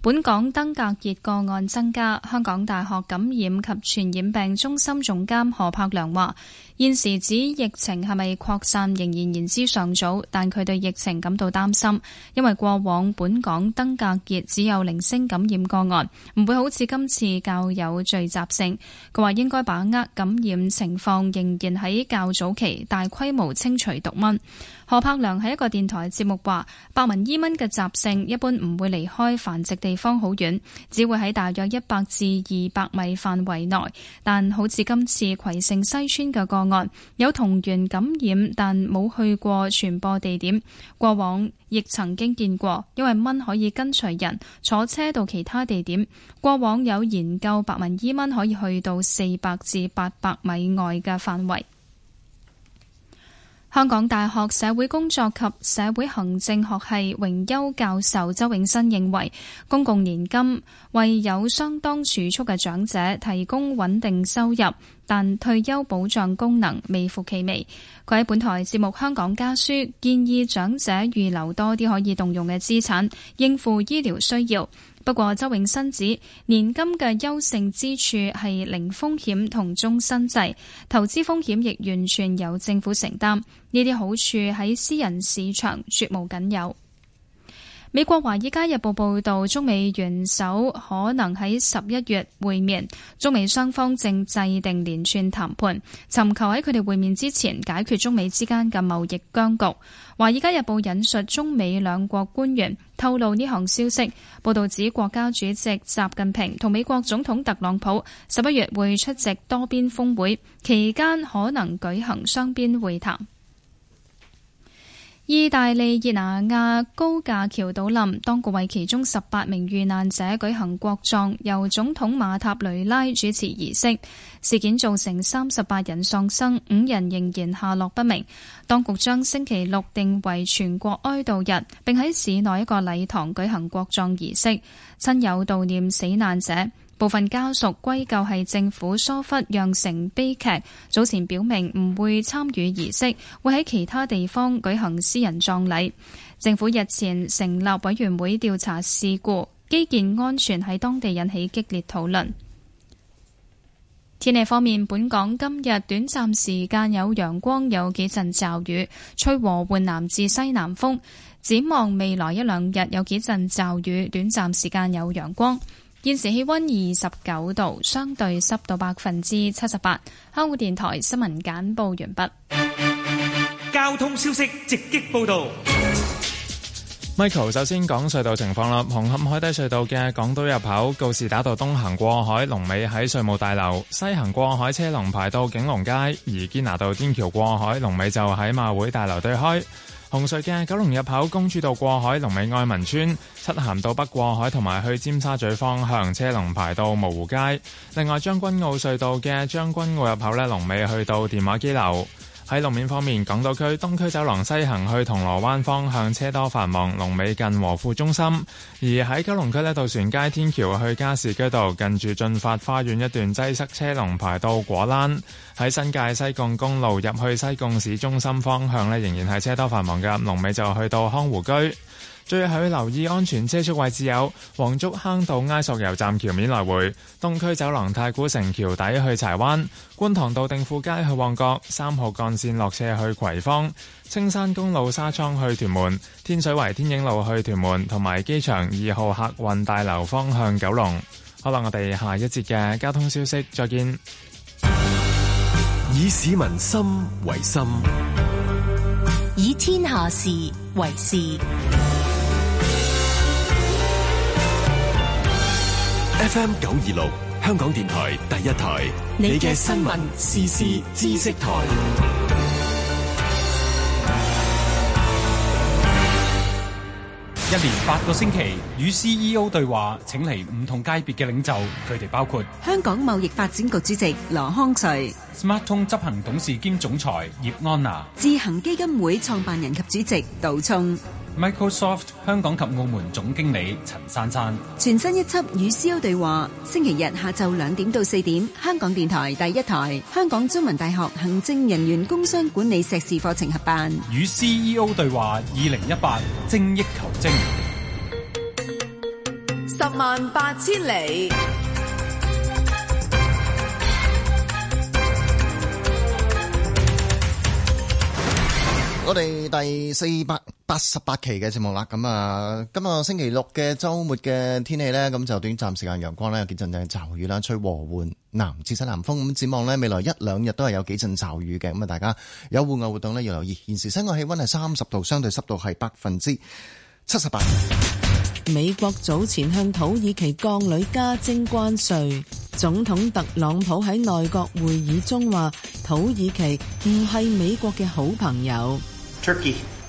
[SPEAKER 1] 本港登革熱個案增加，香港大學感染及傳染病中心總監何柏良話，現時指疫情係咪擴散仍然言之尚早，但佢對疫情感到擔心，因為過往本港登革熱只有零星感染個案，唔會好似今次較有聚集性。佢話應該把握感染情況仍然喺較早期，大規模清除毒蚊。何柏良喺一個電台節目話，白紋伊蚊嘅習性一般唔會離開繁殖地方好遠，只會喺大約一百至二百米範圍內，但好似今次葵盛西村嘅個案有同源感染，但冇去過傳播地點。過往亦曾經見過，因為蚊可以跟隨人，坐車到其他地點。過往有研究，白紋伊蚊可以去到四百至八百米外嘅範圍。香港大學社會工作及社會行政學系榮休教授周永新認為，公共年金為有相當儲蓄嘅長者提供穩定收入，但退休保障功能微乎其微。佢喺本台節目《香港家書》建議長者預留多啲可以動用嘅資產，應付醫療需要。不過，周永新指年金嘅優勝之處係零風險同終身制，投資風險亦完全由政府承擔，呢啲好處喺私人市場絕無僅有。美國《華爾街日報》報道，中美元首可能喺十一月會面，中美雙方正制定連串談判，尋求喺佢哋會面之前解決中美之間嘅貿易僵局。《華爾街日報》引述中美兩國官員透露呢項消息。報道指，國家主席習近平同美國總統特朗普十一月會出席多邊峰會，期間可能舉行雙邊會談。意大利熱那亞高架橋倒冧，當局為其中十八名遇難者舉行國葬，由總統馬塔雷拉主持儀式。事件造成三十八人喪生，五人仍然下落不明。當局將星期六定為全國哀悼日，並喺市內一個禮堂舉行國葬儀式，親友悼念死難者。部分家屬歸咎係政府疏忽釀成悲劇，早前表明唔會參與儀式，會喺其他地方舉行私人葬禮。政府日前成立委員會調查事故，基建安全喺當地引起激烈討論。天氣方面，本港今日短暫時間有陽光，有幾陣驟雨，吹和緩南至西南風。展望未來一兩日，有幾陣驟雨，短暫時間有陽光。現時氣溫二十九度，相對濕度百分之七十八。香港電台新聞簡報完畢。
[SPEAKER 8] 交通消息直擊報道。
[SPEAKER 2] Michael，首先講隧道情況啦。紅磡海底隧道嘅港島入口告士打道東行過海，龍尾喺稅務大樓；西行過海車龍排到景隆街，而堅拿道天橋過海龍尾就喺馬會大樓對開。紅隧嘅九龍入口公主道過海、龍尾愛民村、漆咸道北過海同埋去尖沙咀方向，車龍排到蕪湖街。另外將軍澳隧道嘅將軍澳入口咧，龍尾去到電話機樓。喺路面方面，港島區東區走廊西行去銅鑼灣方向車多繁忙，龍尾近和富中心。而喺九龍區呢，渡船街天橋去加士居道近住進發花園一段擠塞車龍排到果欄。喺新界西貢公路入去西貢市中心方向呢，仍然係車多繁忙嘅，龍尾就去到康湖居。最後留意安全車速位置，有黃竹坑道埃索油站橋面來回，東區走廊太古城橋底去柴灣，觀塘道定富街去旺角，三號幹線落車去葵芳，青山公路沙涌去屯門，天水圍天影路去屯門同埋機場二號客運大樓方向九龍。好啦，我哋下一節嘅交通消息再見。以市民心為心，
[SPEAKER 4] 以天下事為事。
[SPEAKER 5] FM 九二六，香港電台第一台。你嘅新聞、時事、知識台。一連八個星
[SPEAKER 2] 期與 CEO 對話，請嚟唔同界別嘅領袖，佢哋包括
[SPEAKER 4] 香港貿易發展局主席羅康瑞、
[SPEAKER 2] SmarTone 執行董事兼總裁葉安娜、
[SPEAKER 4] 智行基金會創辦人及主席杜聰。
[SPEAKER 2] Microsoft 香港及澳門總經理陳珊珊，
[SPEAKER 4] 全新一輯與 C E O 對話，星期日下晝兩點到四點，香港電台第一台，香港中文大學行政人員工商管理碩士課
[SPEAKER 5] 程合辦，
[SPEAKER 2] 與 C E O 對話，二零一八，2018，精益求精，
[SPEAKER 3] 十萬八千里，
[SPEAKER 6] 我哋第四百八十八期嘅節目啦，咁啊，今日星期六嘅周末嘅天氣呢，咁就短暫時間陽光咧，有幾陣陣驟雨啦，吹和緩南至西南風，咁展望呢，未來一兩日都係有幾陣驟雨嘅，咁啊，大家有戶外活動呢，要留意。現時室外氣溫係三十度，相對濕度係百分之七十八。
[SPEAKER 3] 美國早前向土耳其鋼鋁加徵關稅，總統特朗普喺內閣會議中話，土耳其唔係美國嘅好朋友。
[SPEAKER 6] Turkey。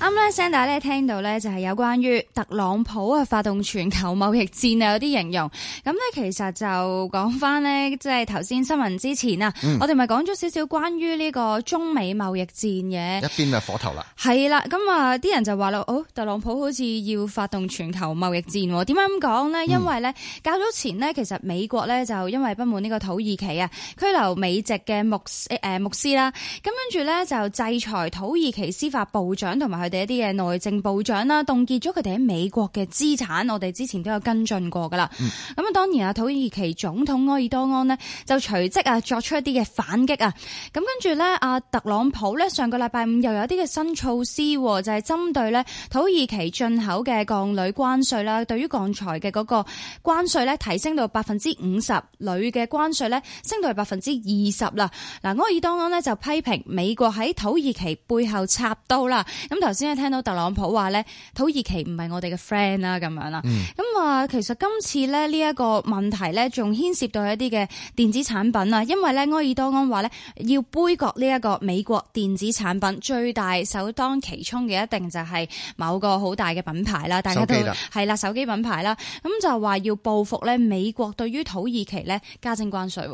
[SPEAKER 7] 啱先大家咧聽到咧，就係有關於特朗普啊發動全球貿易戰啊有啲形容。咁咧其實就講翻咧，即係頭先新聞之前啊，嗯、我哋咪講咗少少關於呢個中美貿易戰嘅。一邊咪火頭啦。係啦，咁啊啲人就話咯、哦，特朗普好似要發動全球貿易戰喎。點解咁講呢？因為咧，較早、嗯、前呢，其實美國咧就因為不滿呢個土耳其啊，拘留美籍嘅牧誒牧，牧師啦，咁跟住咧就制裁土耳其司法部長同埋一啲嘅內政部長啦，凍結咗佢哋喺美國嘅資產，我哋之前都有跟進過噶啦。咁啊、嗯，當然啊，土耳其總統埃爾多安呢，就隨即啊作出一啲嘅反擊啊。咁跟住咧，啊特朗普咧上個禮拜五又有啲嘅新措施，就係、是、針對咧土耳其進口嘅鋼鋁關稅啦。對於鋼材嘅嗰個關稅咧，提升到百分之五十，鋁嘅關稅咧升到係百分之二十啦。嗱，埃爾多安呢，就批評美國喺土耳其背後插刀啦。咁頭先，先至聽到特朗普話咧，土耳其唔係我哋嘅 friend 啦，咁樣啦。咁啊，其實今次咧呢一個問題咧，仲牽涉到一啲嘅電子產品啊，因為咧埃爾多安話咧要杯葛呢一個美國電子產品，最大首當其衝嘅一定就係某個好大嘅品牌啦，大家都係啦手，機手機品牌啦，咁就話要報復咧美國對於土耳其咧加徵關稅，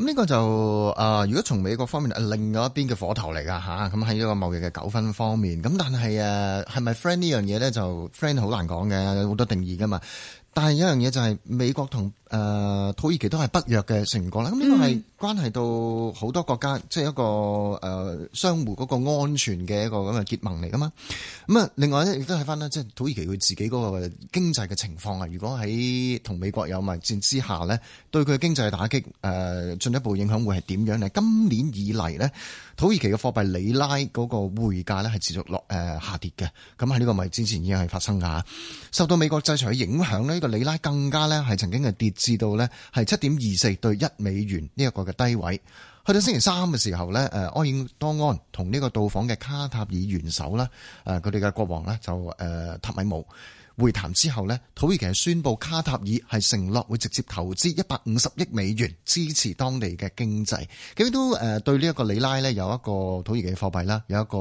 [SPEAKER 7] 咁呢
[SPEAKER 6] 個就誒、呃，如果從美國方面，另外一邊嘅火頭嚟㗎吓，咁喺呢個貿易嘅糾紛方面，咁但係誒，係、啊、咪 friend 呢樣嘢咧？就 friend 好難講嘅，有好多定義㗎嘛。但係有樣嘢就係美國同，誒土耳其都係北約嘅成員國啦，咁呢個係關係到好多國家，即係、嗯、一個誒相互嗰個安全嘅一個咁嘅結盟嚟噶嘛。咁啊，另外咧亦都睇翻咧，即係土耳其佢自己嗰個經濟嘅情況啊。如果喺同美國有密戰之下呢，對佢經濟嘅打擊誒進一步影響會係點樣呢？今年以嚟呢，土耳其嘅貨幣里拉嗰個匯價咧係持續落誒下跌嘅。咁喺呢個咪之前已經係發生㗎。受到美國制裁嘅影響呢，呢個里拉更加呢係曾經嘅跌。至到呢係七點二四對一美元呢一個嘅低位，去到星期三嘅時候呢，誒埃爾多安同呢個到訪嘅卡塔爾元首啦，誒佢哋嘅國王咧就誒、呃、塔米姆。會談之後呢，土耳其宣佈卡塔爾係承諾會直接投資一百五十億美元支持當地嘅經濟，咁都誒對呢一個里拉呢有一個土耳其嘅貨幣啦，有一個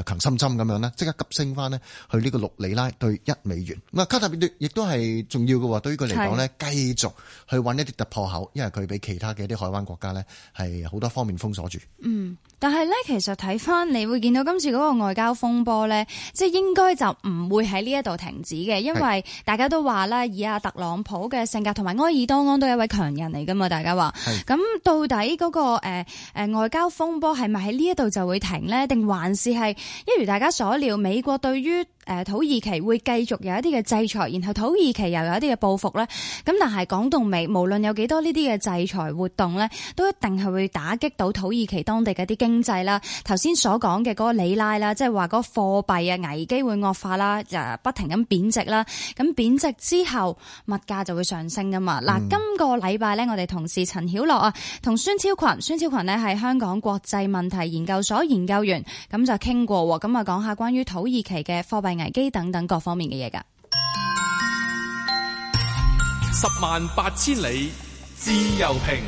[SPEAKER 6] 誒強心針咁樣啦，即刻急升翻呢去呢個六里拉對一美元。咁啊，卡塔爾亦都係重要嘅，對於佢嚟講呢繼續去搵一啲突破口，因為佢俾其他嘅一啲海灣國家呢係好多方面封鎖住。嗯，
[SPEAKER 7] 但係呢，其實睇翻你會見到今次嗰個外交風波呢，即係應該就唔會喺呢一度停止嘅。因為大家都話啦，以阿特朗普嘅性格同埋埃爾多安都係一位強人嚟噶嘛，大家話，咁是 到底嗰、那個誒誒、呃呃、外交風波係咪喺呢一度就會停呢？定還是係一如大家所料，美國對於？誒土耳其會繼續有一啲嘅制裁，然後土耳其又有一啲嘅報復呢，咁但係講到尾，無論有幾多呢啲嘅制裁活動呢，都一定係會打擊到土耳其當地嘅啲經濟啦。頭先所講嘅嗰個里拉啦，即係話嗰個貨幣啊，危機會惡化啦，不停咁貶值啦。咁貶值之後，物價就會上升噶嘛。嗱、嗯，今個禮拜呢，我哋同事陳曉樂啊，同孫超群，孫超群呢係香港國際問題研究所研究員，咁就傾過，咁啊講下關於土耳其嘅貨幣。危機等等各方面嘅嘢㗎。
[SPEAKER 2] 十萬八千里自由平。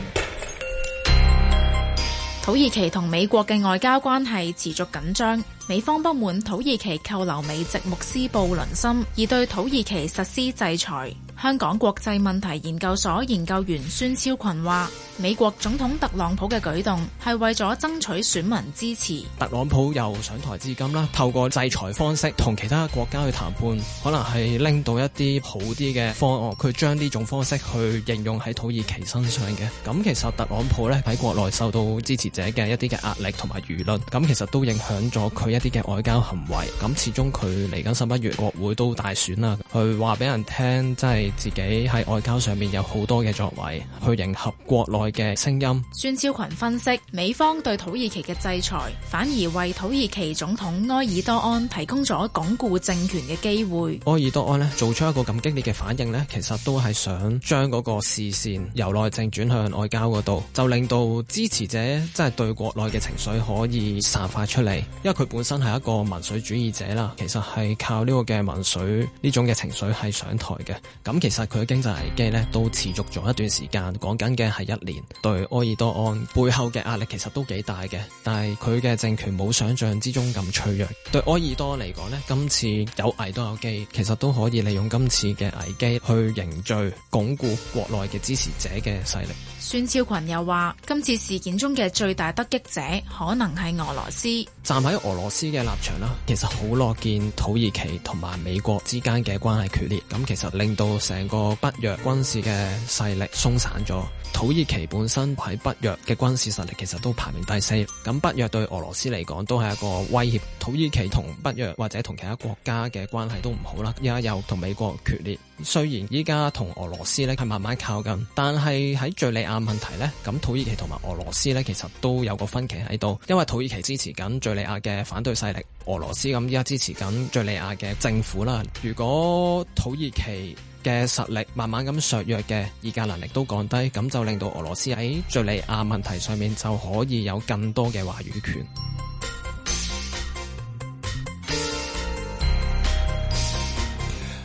[SPEAKER 3] 土耳其同美國嘅外交關係持續緊張，美方不滿土耳其扣留美籍牧師布倫森，而對土耳其實施制裁。香港國際問題研究所研究員孫超群話，美國總統特朗普嘅舉動係為咗爭取選民支持。
[SPEAKER 5] 特朗普又上台至今啦，透過制裁方式同其他國家去談判，可能係拎到一啲好啲嘅方案。佢將呢種方式去應用喺土耳其身上嘅。咁其實特朗普呢喺國內受到支持者嘅一啲嘅壓力同埋輿論，咁其實都影響咗佢一啲嘅外交行為。咁始終佢嚟緊十一月國會都大選啦，佢話俾人聽，即係。自己喺外交上面有好多嘅作為，去迎合國內嘅聲音。
[SPEAKER 3] 孫超群分析，美方對土耳其嘅制裁，反而為土耳其總統埃爾多安提供咗鞏固政權嘅機會。
[SPEAKER 5] 埃爾多安咧做出一個咁激烈嘅反應咧，其實都係想將嗰個視線由內政轉向外交嗰度，就令到支持者真係對國內嘅情緒可以散發出嚟。因為佢本身係一個民粹主義者啦，其實係靠呢個嘅民粹呢種嘅情緒係上台嘅，咁。咁其實佢經濟危機咧都持續咗一段時間，講緊嘅係一年。對埃爾多安背後嘅壓力其實都幾大嘅，但係佢嘅政權冇想象之中咁脆弱。對埃爾多嚟講呢，今次有危都有機，其實都可以利用今次嘅危機去凝聚鞏固國內嘅支持者嘅勢力。
[SPEAKER 3] 孫超群又話：今次事件中嘅最大得益者可能係俄羅斯。
[SPEAKER 5] 站喺俄羅斯嘅立場啦，其實好樂見土耳其同埋美國之間嘅關係決裂，咁其實令到。成個北約軍事嘅勢力鬆散咗，土耳其本身喺北約嘅軍事實力其實都排名第四。咁北約對俄羅斯嚟講都係一個威脅。土耳其同北約或者同其他國家嘅關係都唔好啦。依家又同美國決裂，雖然依家同俄羅斯呢係慢慢靠近，但係喺敘利亞問題呢，咁土耳其同埋俄羅斯呢其實都有個分歧喺度，因為土耳其支持緊敘利亞嘅反對勢力，俄羅斯咁依家支持緊敘利亞嘅政府啦。如果土耳其，嘅實力慢慢咁削弱嘅議價能力都降低，咁就令到俄羅斯喺敘利亞問題上面就可以有更多嘅話語權。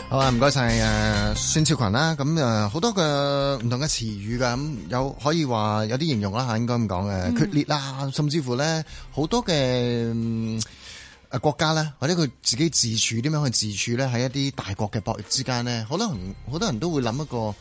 [SPEAKER 5] 好謝謝啊，唔該晒，誒，孫
[SPEAKER 6] 超群啦，咁誒好多嘅唔同嘅詞語噶，咁有可以話有啲形容啦吓，應該咁講嘅，嗯、決裂啦，甚至乎咧好多嘅。嗯誒國家咧，或者佢自己自處點樣去自處咧？喺一啲大國嘅博弈之間咧，可能好多人都會諗一個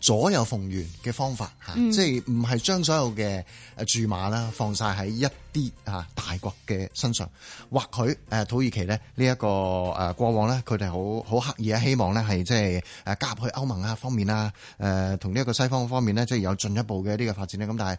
[SPEAKER 6] 左右逢源嘅方法吓，嗯、即係唔係將所有嘅誒注碼，啦放晒喺一。啲啊，大國嘅身上，或許誒土耳其咧呢一、這個誒、呃、過往咧，佢哋好好刻意啊，希望咧，係即係誒加入去歐盟啊方面啦、啊，誒同呢一個西方方面咧，即、就、係、是、有進一步嘅一啲嘅發展咧。咁但係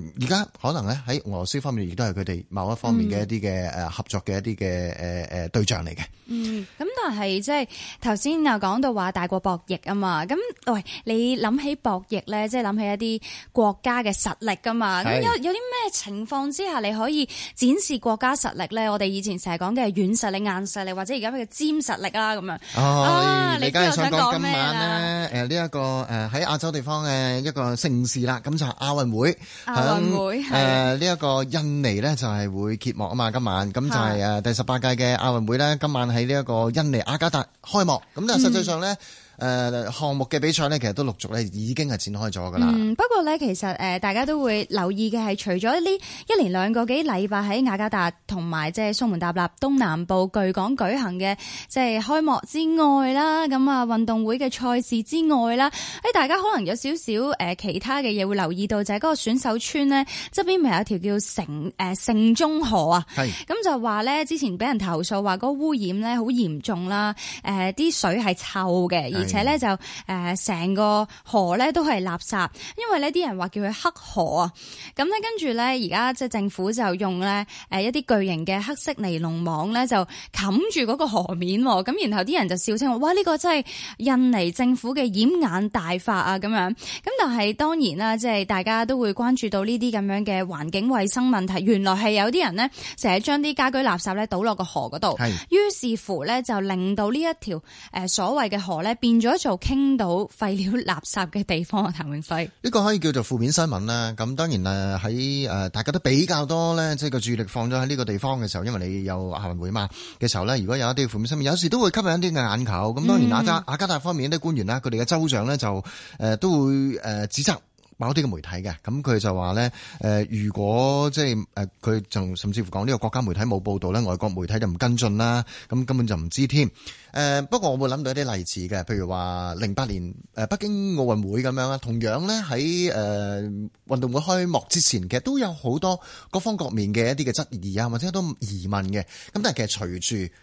[SPEAKER 6] 誒而家可能咧喺俄羅斯方面，亦都係佢哋某一方面嘅一啲嘅誒合作嘅一啲嘅誒誒對象嚟嘅。嗯，
[SPEAKER 7] 咁的、嗯、但係即係頭先又講到話大國博弈啊嘛，咁喂你諗起博弈咧，即係諗起一啲國家嘅實力噶嘛，咁有是有啲咩情？情況之下，你可以展示國家實力咧。我哋以前成日講嘅軟實力、硬實力，或者而家咩嘅尖實力啦，咁樣。哦，啊、你今知日想講今晚咧？
[SPEAKER 6] 誒麼，呢一、呃這個誒喺亞洲地方嘅、呃、一個盛事啦。咁就係亞運會。亞運會誒呢一個印尼咧就係、是、會揭幕啊嘛。今晚咁就係、是、誒的第十八屆嘅亞運會咧。今晚喺呢一個印尼雅加達開幕。咁但係實際上咧。嗯誒，項目嘅比賽咧，其實都陸續咧已經係展開咗噶啦。嗯，
[SPEAKER 7] 不過咧，其實誒，大家都會留意嘅係，除咗呢一年兩個幾禮拜喺雅加達同埋即係蘇門答臘東南部巨港舉行嘅即係開幕之外啦，咁啊運動會嘅賽事之外啦，誒，大家可能有少少誒其他嘅嘢會留意到，就係嗰個選手村呢，側邊咪有一條叫城誒城中河啊，係，咁就話咧之前俾人投訴話嗰個污染咧好嚴重啦，誒，啲水係臭嘅。而且咧就誒成個河咧都係垃圾，因為呢啲人話叫佢黑河啊。咁咧跟住咧而家即係政府就用咧誒一啲巨型嘅黑色尼龍網咧就冚住個河面喎。咁然後啲人就笑稱話，哇！呢個真係印尼政府嘅掩眼大法啊，咁樣咁。但係當然啦，即係大家都會關注到呢啲咁樣嘅環境衛生問題，原來係有啲人咧成日將啲家居垃圾咧倒落個河度，於是乎咧就令到呢一條誒所謂嘅河咧變。變咗做傾到廢料垃圾嘅地方啊，譚永輝，
[SPEAKER 6] 呢個可以叫做負面新聞啦。咁當然誒喺誒，大家都比較多咧，即係個注意力放咗喺呢個地方嘅時候，因為你有亞運會嘛嘅時候咧，如果有一啲負面新聞，有時都會吸引一啲嘅眼球。咁當然阿加阿加達方面啲官員啦，佢哋嘅州長咧就誒都會誒指責。某啲嘅媒體嘅，咁佢就話咧，誒，如果即係誒，佢仲甚至乎講呢個國家媒體冇報導咧，外國媒體就唔跟進啦，咁根本就唔知添。誒、呃，不過我會諗到一啲例子嘅，譬如話零八年誒、呃、北京奧運會咁樣啦，同樣咧喺誒運動會開幕之前，嘅都有好多各方各面嘅一啲嘅質疑啊，或者都疑問嘅，咁但係其實隨住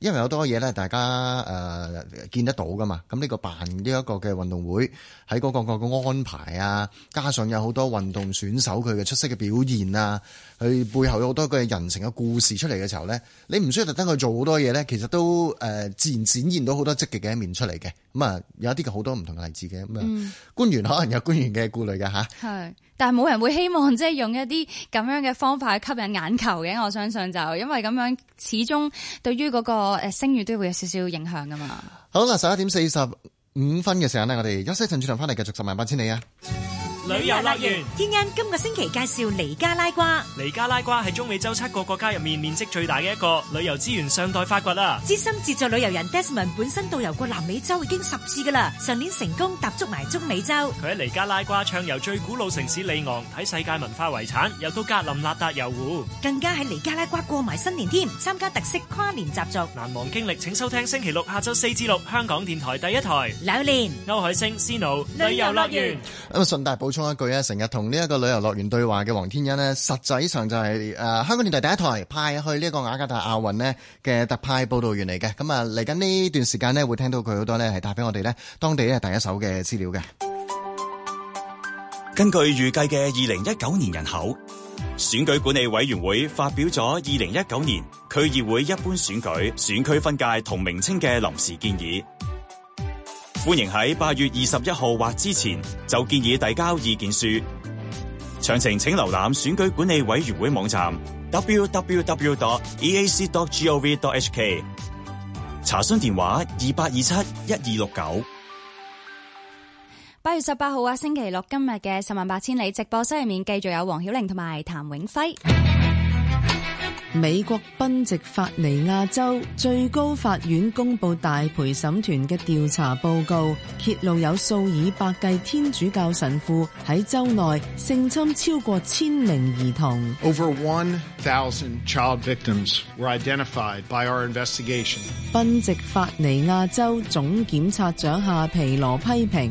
[SPEAKER 6] 因為有好多嘢咧，大家誒、呃、見得到噶嘛。咁呢個辦呢一個嘅運動會，喺嗰個個嘅安排啊，加上有好多運動選手佢嘅出色嘅表現啊，佢背後有好多嘅人情嘅故事出嚟嘅時候咧，你唔需要特登去做好多嘢咧，其實都誒、呃、自然展現到好多積極嘅一面出嚟嘅。咁啊，有啲嘅好多唔同嘅例子嘅咁啊，嗯、官員可能有官員嘅顧慮嘅吓，係，
[SPEAKER 7] 但係冇人會希望即係用一啲咁樣嘅方法去吸引眼球嘅。我相信就因為咁樣始終對於嗰、嗰個哦，誒，聲譽都會有少少影響噶嘛。
[SPEAKER 6] 好啦，十一點四十五分嘅時間咧，我哋休息一陣，轉頭翻嚟，繼續十萬八千里啊。
[SPEAKER 3] 旅遊樂園
[SPEAKER 7] 天恩
[SPEAKER 5] 今個星期介紹尼加拉瓜。尼加拉瓜喺中美洲七個國家入面面積最大嘅一個，旅遊資源尚待發掘啊！資
[SPEAKER 4] 深自助旅遊人 Desmond 本身導遊過南美洲已經十
[SPEAKER 5] 次噶啦，上年成功踏足埋中美洲。佢喺尼加拉瓜暢遊最古老城市里昂，睇世界文化遺產，又到格林納達遊湖，更加喺尼加拉瓜過埋新年添，參加特色跨年習俗。難忘經歷，請收聽星期六下晝四至六香港電台第一台。
[SPEAKER 1] 柳蓮、歐海星、思腦、旅遊樂園。
[SPEAKER 6] 咁啊，順帶補充。講一句啊，成日同呢一個旅遊樂園對話嘅黃天恩，咧，實際上就係、是、誒、呃、香港電台第一台派去呢個雅加達亞運咧嘅特派報導員嚟嘅。咁啊，嚟緊呢段時間咧，會聽到佢好多呢係帶俾我哋呢當地咧第一手嘅資料嘅。
[SPEAKER 8] 根據預計嘅二零一九年人口，選舉管理委員會發表咗二零一九年區議會一般選舉選區分界同名稱嘅臨時建議。歡迎喺八月二十一號或之前就建議遞交意見書，詳情請瀏覽選舉管理委員會網站 w w w d o t e a c d o t g o v d o t h k。查詢電話二八二七一二六九。
[SPEAKER 7] 八月十八號啊，星期六，今日嘅十萬八千里直播室入面繼續有黃曉玲同埋譚永輝。
[SPEAKER 3] 美國賓夕法尼亞州最高法院公布大陪審團嘅調查報告，揭露有數以百計天主教神父喺州內性侵超過千名兒童。Over 1,000 child victims were identified by our investigation. 賓夕法尼亞州總檢察長夏皮羅批評。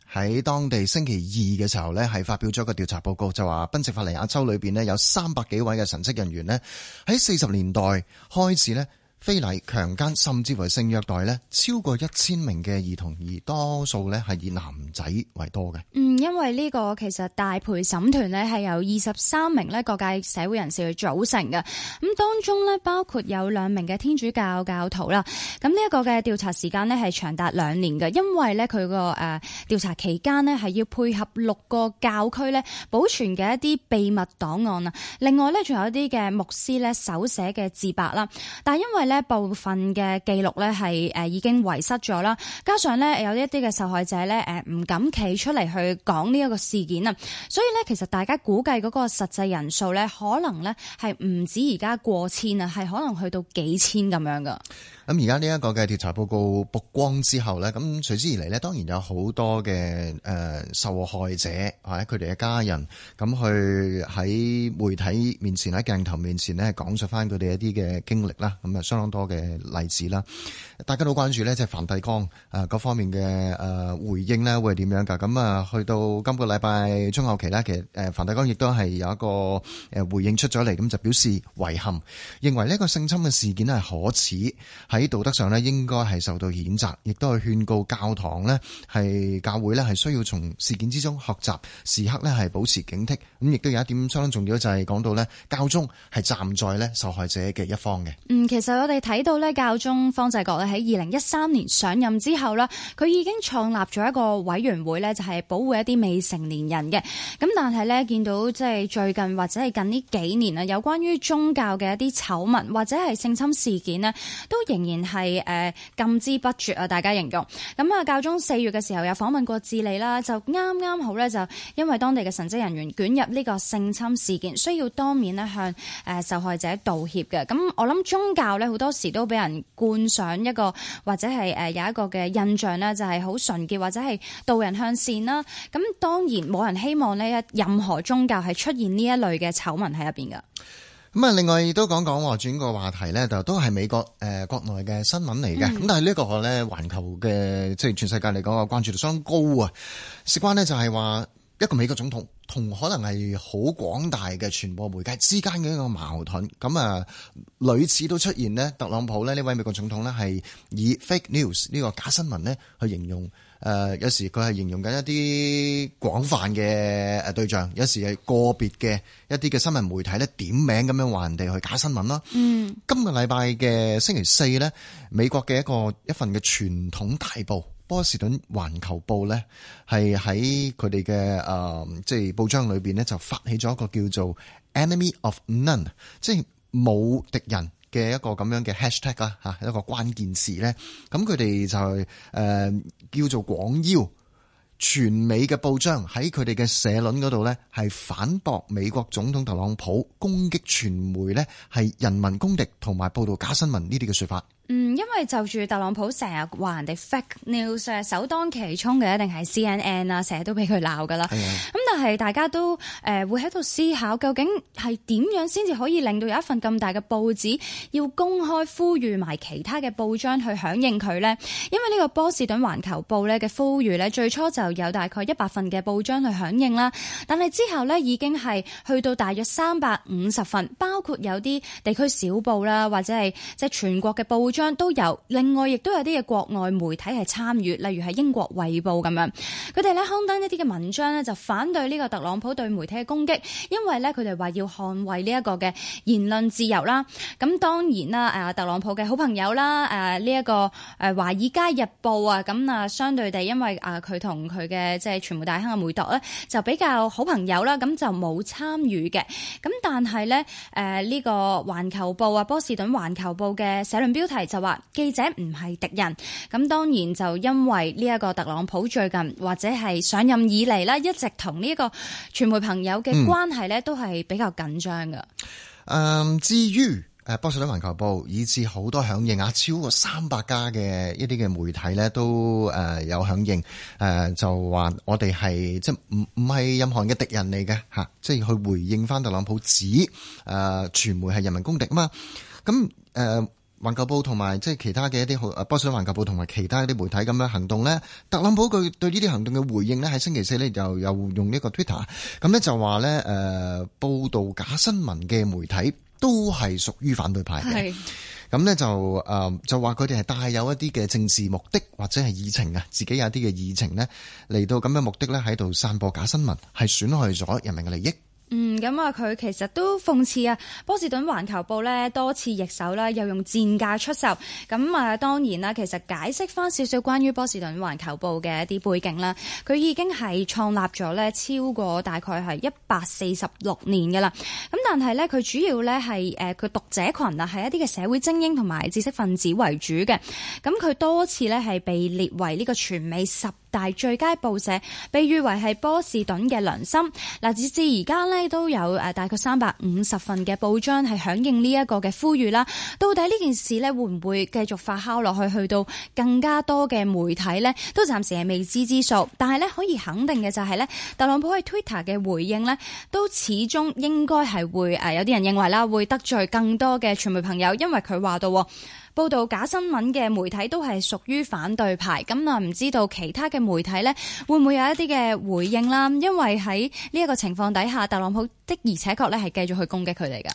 [SPEAKER 6] 喺當地星期二嘅時候呢係發表咗一個調查報告，就話賓夕法尼亞州裏面呢，有三百幾位嘅神職人員呢，喺四十年代開始呢。非禮、強姦，甚至為性虐待呢，超過一千名嘅兒童兒，而多數咧，係以男仔為多嘅。
[SPEAKER 7] 嗯，因為呢個其實大陪審團咧，係由二十三名咧，各界社會人士去組成嘅。咁當中咧，包括有兩名嘅天主教教徒啦。咁呢一個嘅調查時間咧，係長達兩年嘅，因為呢佢個誒調查期間咧，係要配合六個教區咧，保存嘅一啲秘密檔案啊。另外呢，仲有一啲嘅牧師咧，手寫嘅自白啦。但係因為一部分嘅記錄咧係誒已經遺失咗啦，加上咧有一啲嘅受害者咧誒唔敢企出嚟去講呢一個事件啊，所以咧其實大家估計嗰個實際人數咧，可能咧係唔止而家過千啊，係可能去到幾千咁樣㗎。
[SPEAKER 6] 咁而家呢一個嘅調查報告曝光之後咧，咁隨之而嚟咧，當然有好多嘅誒受害者，或者佢哋嘅家人，咁去喺媒體面前喺鏡頭面前咧，講述翻佢哋一啲嘅經歷啦。咁啊，相當多嘅例子啦，大家都關注咧，即係梵蒂岡誒各方面嘅誒回應咧，會係點樣噶？咁啊，去到今個禮拜中後期咧，其實誒梵蒂岡亦都係有一個誒回應出咗嚟，咁就表示遺憾，認為呢個性侵嘅事件係可恥，係。喺道德上咧，應該係受到譴責，亦都係勸告教堂咧，係教會咧係需要從事件之中學習，時刻咧係保持警惕。咁亦都有一點相當重要的是，就係講到咧教宗係站在咧受害者嘅一方嘅。
[SPEAKER 7] 嗯，其實我哋睇到咧教宗方濟各咧喺二零一三年上任之後啦，佢已經創立咗一個委員會咧，就係保護一啲未成年人嘅。咁但係咧見到即係最近或者係近呢幾年啊，有關於宗教嘅一啲醜聞或者係性侵事件咧，都仍然。然係誒，禁之不絕啊，大家形容咁啊，教宗四月嘅時候有訪問過智利啦，就啱啱好咧，就因為當地嘅神職人員捲入呢個性侵事件，需要當面咧向誒受害者道歉嘅。咁我諗宗教咧，好多時都俾人灌上一個或者係誒有一個嘅印象呢，就係好純潔或者係導人向善啦。咁當然冇人希望呢，任何宗教係出現呢一類嘅醜聞喺入邊噶。
[SPEAKER 6] 咁啊，另外亦都講講，轉個話題咧，就都係美國誒、呃、國內嘅新聞嚟嘅。咁、嗯、但係呢個咧，環球嘅即係全世界嚟講個關注度相當高啊。事關呢就係話一個美國總統同可能係好廣大嘅傳播媒介之間嘅一個矛盾。咁、呃、啊，屢次都出現呢，特朗普咧呢位美國總統呢係以 fake news 呢個假新聞呢去形容。誒、呃、有時佢係形容緊一啲廣泛嘅誒對象，有時係個別嘅一啲嘅新聞媒體咧點名咁樣話人哋去假新聞啦。嗯，今個禮拜嘅星期四咧，美國嘅一個一份嘅傳統大報波士頓環球報咧，係喺佢哋嘅誒即係報章裏邊咧就發起咗一個叫做 Enemy of None，即係冇敵人。嘅一個咁樣嘅 hashtag 啊吓，一個關鍵詞咧，咁佢哋就係、是呃、叫做廣邀全美嘅報章喺佢哋嘅社論嗰度咧，係反駁美國總統特朗普攻擊傳媒咧係人民公敵同埋報道假新聞呢啲嘅說法。
[SPEAKER 7] 嗯，因為就住特朗普成日話人哋 fake news，成日首當其衝嘅一定係 CNN 啦，成日都俾佢鬧噶啦。咁但係大家都誒、呃、會喺度思考，究竟係點樣先至可以令到有一份咁大嘅報紙要公開呼籲埋其他嘅報章去響應佢咧？因為呢個波士頓環球報咧嘅呼籲咧，最初就有大概一百份嘅報章去響應啦，但係之後咧已經係去到大約三百五十份，包括有啲地區小報啦，或者係即係全國嘅報章。都有，另外亦都有啲嘅國外媒體係參與，例如係英國《衛報》咁樣，佢哋咧刊登一啲嘅文章呢，就反對呢個特朗普對媒體嘅攻擊，因為呢，佢哋話要捍衛呢一個嘅言論自由啦。咁當然啦，誒特朗普嘅好朋友啦，誒呢一個誒華爾街日報啊，咁啊相對地，因為啊佢同佢嘅即係傳媒大亨嘅梅鐸呢，就比較好朋友啦，咁就冇參與嘅。咁但係呢，誒呢個《環球報》啊，《波士頓環球報》嘅社論標題。就話記者唔係敵人咁，那當然就因為呢一個特朗普最近或者係上任以嚟咧，一直同呢一個傳媒朋友嘅關係咧，嗯、都係比較緊張噶。
[SPEAKER 6] 至於誒，波士頓環球報以至好多響應啊，超過三百家嘅一啲嘅媒體都誒有響應誒、呃，就話我哋係即係唔唔係任何嘅敵人嚟嘅吓，即係去回應翻特朗普指誒，傳、呃、媒係人民公敵啊嘛，咁誒。呃環球報同埋即係其他嘅一啲好啊，波士環球報同埋其他一啲媒體咁樣行動咧，特朗普佢對呢啲行動嘅回應咧，喺星期四咧又又用呢個 Twitter，咁咧就話咧、呃、報導假新聞嘅媒體都係屬於反對派嘅，咁咧的就、呃、就話佢哋係帶有一啲嘅政治目的或者係議程啊，自己有啲嘅議程呢嚟到咁樣的目的咧喺度散播假新聞，係損害咗人民嘅利益。
[SPEAKER 7] 嗯，咁啊，佢其實都諷刺啊，波士頓環球報咧多次易手啦，又用賤價出售。咁啊，當然啦，其實解釋翻少少關於波士頓環球報嘅一啲背景啦，佢已經係創立咗咧超過大概係一百四十六年噶啦。咁但係咧，佢主要咧係誒，佢讀者群啊係一啲嘅社會精英同埋知識分子為主嘅。咁佢多次咧係被列為呢個全美十大最佳報社，被譽為係波士頓嘅良心。嗱，直至而家都有誒大概三百五十份嘅報章係響應呢一個嘅呼籲啦。到底呢件事會唔會繼續發酵落去，去到更加多嘅媒體呢，都暫時係未知之數。但係可以肯定嘅就係特朗普喺 Twitter 嘅回應都始終應該係會誒有啲人認為啦，會得罪更多嘅傳媒朋友，因為佢話到。報道假新聞嘅媒體都係屬於反對派，咁啊唔知道其他嘅媒體呢會唔會有一啲嘅回應啦，因為喺呢一個情況底下，特朗普的而且確咧係繼續去攻擊佢哋㗎。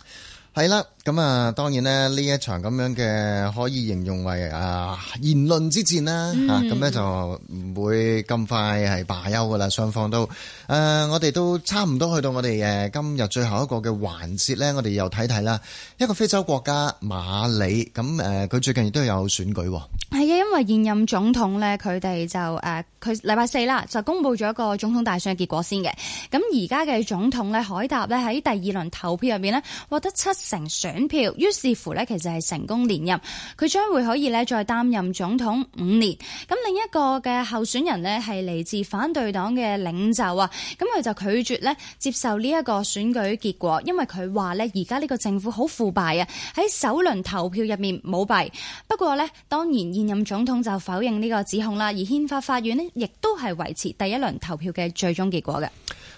[SPEAKER 6] 係啦，咁啊，當然咧，呢一場咁樣嘅可以形容為啊言論之戰啦，吓，咁咧就唔會咁快係罷休噶啦，雙方都誒、呃，我哋都差唔多去到我哋誒今日最後一個嘅環節咧，我哋又睇睇啦，一個非洲國家馬里，咁誒佢最近亦都有選舉喎。
[SPEAKER 7] 係啊。現任總統咧，佢哋就誒，佢禮拜四啦，就公布咗一個總統大選嘅結果先嘅。咁而家嘅總統咧，海達咧喺第二輪投票入面呢，獲得七成選票，於是乎呢，其實係成功連任。佢將會可以呢，再擔任總統五年。咁另一個嘅候選人呢，係嚟自反對黨嘅領袖啊，咁佢就拒絕呢，接受呢一個選舉結果，因為佢話呢，而家呢個政府好腐敗啊，喺首輪投票入面冇敗。不過呢，當然現任總統。統就否認呢個指控啦，而憲法法院呢，亦都係維持第一輪投票嘅最終結果嘅。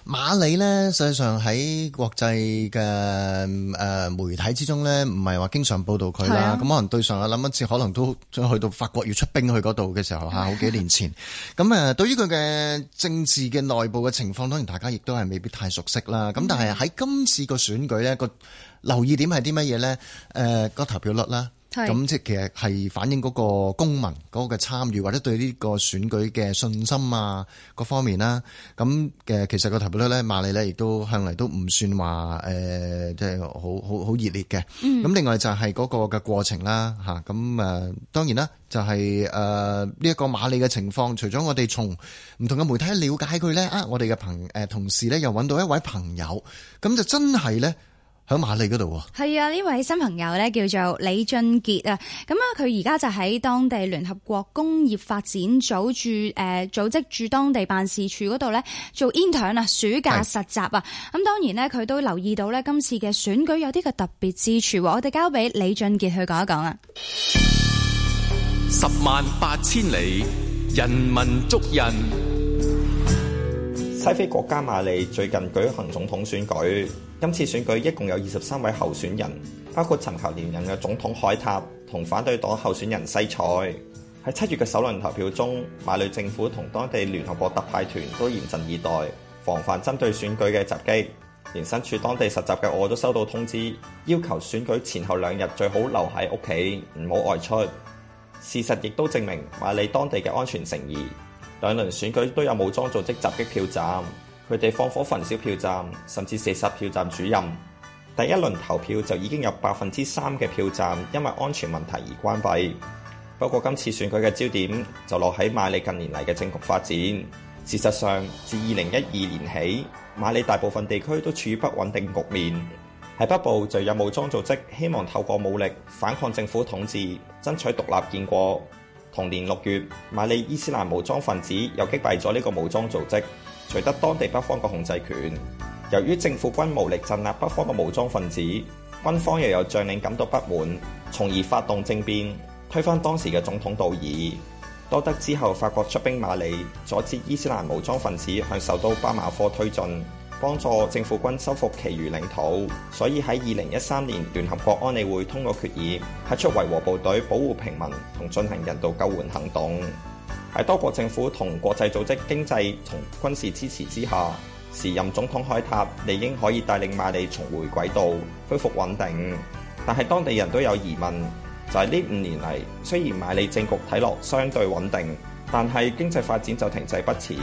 [SPEAKER 6] 馬里呢，實際上喺國際嘅誒媒體之中呢，唔係話經常報道佢啦。咁、啊、可能對上我諗一次，可能都去到法國要出兵去嗰度嘅時候吓、啊，好幾年前。咁啊、 嗯，對於佢嘅政治嘅內部嘅情況，當然大家亦都係未必太熟悉啦。咁但係喺今次個選舉呢，個留意點係啲乜嘢呢？誒、呃，個投票率啦。咁即係其實係反映嗰個公民嗰個參與或者對呢個選舉嘅信心啊各方面啦。咁嘅其實個投票率咧，馬里咧亦都向嚟,都唔算話誒，即係好好好熱烈嘅。咁另外就係嗰個嘅過程啦，吓咁誒，當然啦，就係誒呢一個馬里嘅情況，除咗我哋從唔同嘅媒體了解佢咧，啊，我哋嘅朋誒同事咧又搵到一位朋友，咁就真係咧。喺馬里嗰度喎，
[SPEAKER 7] 係啊！呢位新朋友咧叫做李俊杰啊，咁啊佢而家就喺當地聯合國工業發展組駐誒、呃、組織駐當地辦事處嗰度咧做 intern 啊，暑假實習是啊，咁當然咧佢都留意到咧今次嘅選舉有啲嘅特別之處，我哋交俾李俊杰去講一講啊。
[SPEAKER 2] 十萬八千里，人民足印。
[SPEAKER 8] 西非國家馬里最近舉行總統選舉。今次選舉一共有二十三位候選人，包括尋求連任嘅總統海塔同反對黨候選人西塞。喺七月嘅首輪投票中，馬里政府同當地聯合國特派團都嚴陣以待，防範針對選舉嘅襲擊。連身處當地實習嘅我都收到通知，要求選舉前後兩日最好留喺屋企，唔好外出。事實亦都證明馬里當地嘅安全成疑。兩輪選舉都有武裝組織襲擊票站。佢哋放火焚燒票站，甚至射殺票站主任。第一輪投票就已經有百分之三嘅票站因為安全問題而關閉。不過，今次選舉嘅焦點就落喺馬里近年嚟嘅政局發展。事實上，自二零一二年起，馬里大部分地區都處於不穩定局面。喺北部就有武裝組織希望透過武力反抗政府統治，爭取獨立建國。同年六月，馬里伊斯蘭武裝分子又擊敗咗呢個武裝組織。取得當地北方嘅控制權，由於政府軍無力鎮壓北方嘅武裝分子，軍方又有將領感到不滿，從而發動政變，推翻當時嘅總統杜爾多德之後，法國出兵馬里，阻止伊斯蘭武裝分子向首都巴馬科推進，幫助政府軍收復其餘領土，所以喺二零一三年，聯合國安理會通過決議，派出維和部隊保護平民同進行人道救援行動。喺多國政府同國際組織經濟同軍事支持之下，時任總統海塔理應可以帶領馬里重回軌道，恢復穩定。但係當地人都有疑問，就係、是、呢五年嚟，雖然馬里政局睇落相對穩定，但係經濟發展就停滯不前，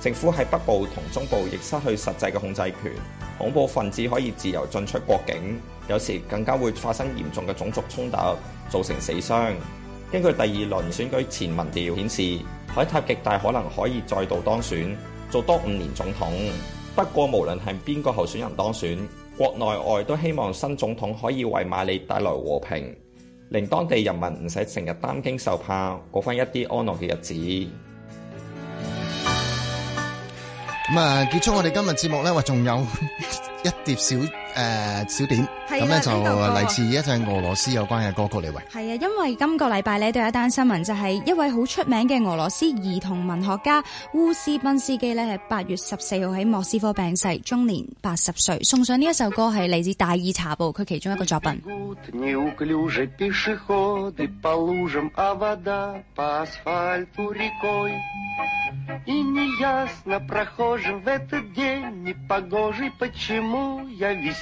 [SPEAKER 8] 政府喺北部同中部亦失去實際嘅控制權，恐怖分子可以自由進出國境，有時更加會發生嚴重嘅種族衝突，造成死傷。根據第二輪選舉前民調顯示，海塔極大可能可以再度當選，做多五年總統。不過，無論係邊個候選人當選，國內外都希望新總統可以為馬里帶來和平，令當地人民唔使成日擔驚受怕，過翻一啲安樂嘅日子。
[SPEAKER 6] 咁啊，結束我哋今日節目呢，話仲有一碟小。誒，uh, 小點咁呢，的那就嚟自一隻俄羅斯有關嘅歌曲嚟，喂，
[SPEAKER 7] 係啊，因為今個禮拜呢，都有一單新聞，就係一位好出名嘅俄羅斯兒童文學家烏斯賓斯基呢係八月十四號喺莫斯科病逝，終年八十歲。送上呢一首歌係嚟自《大耳查布》佢其中一個作品。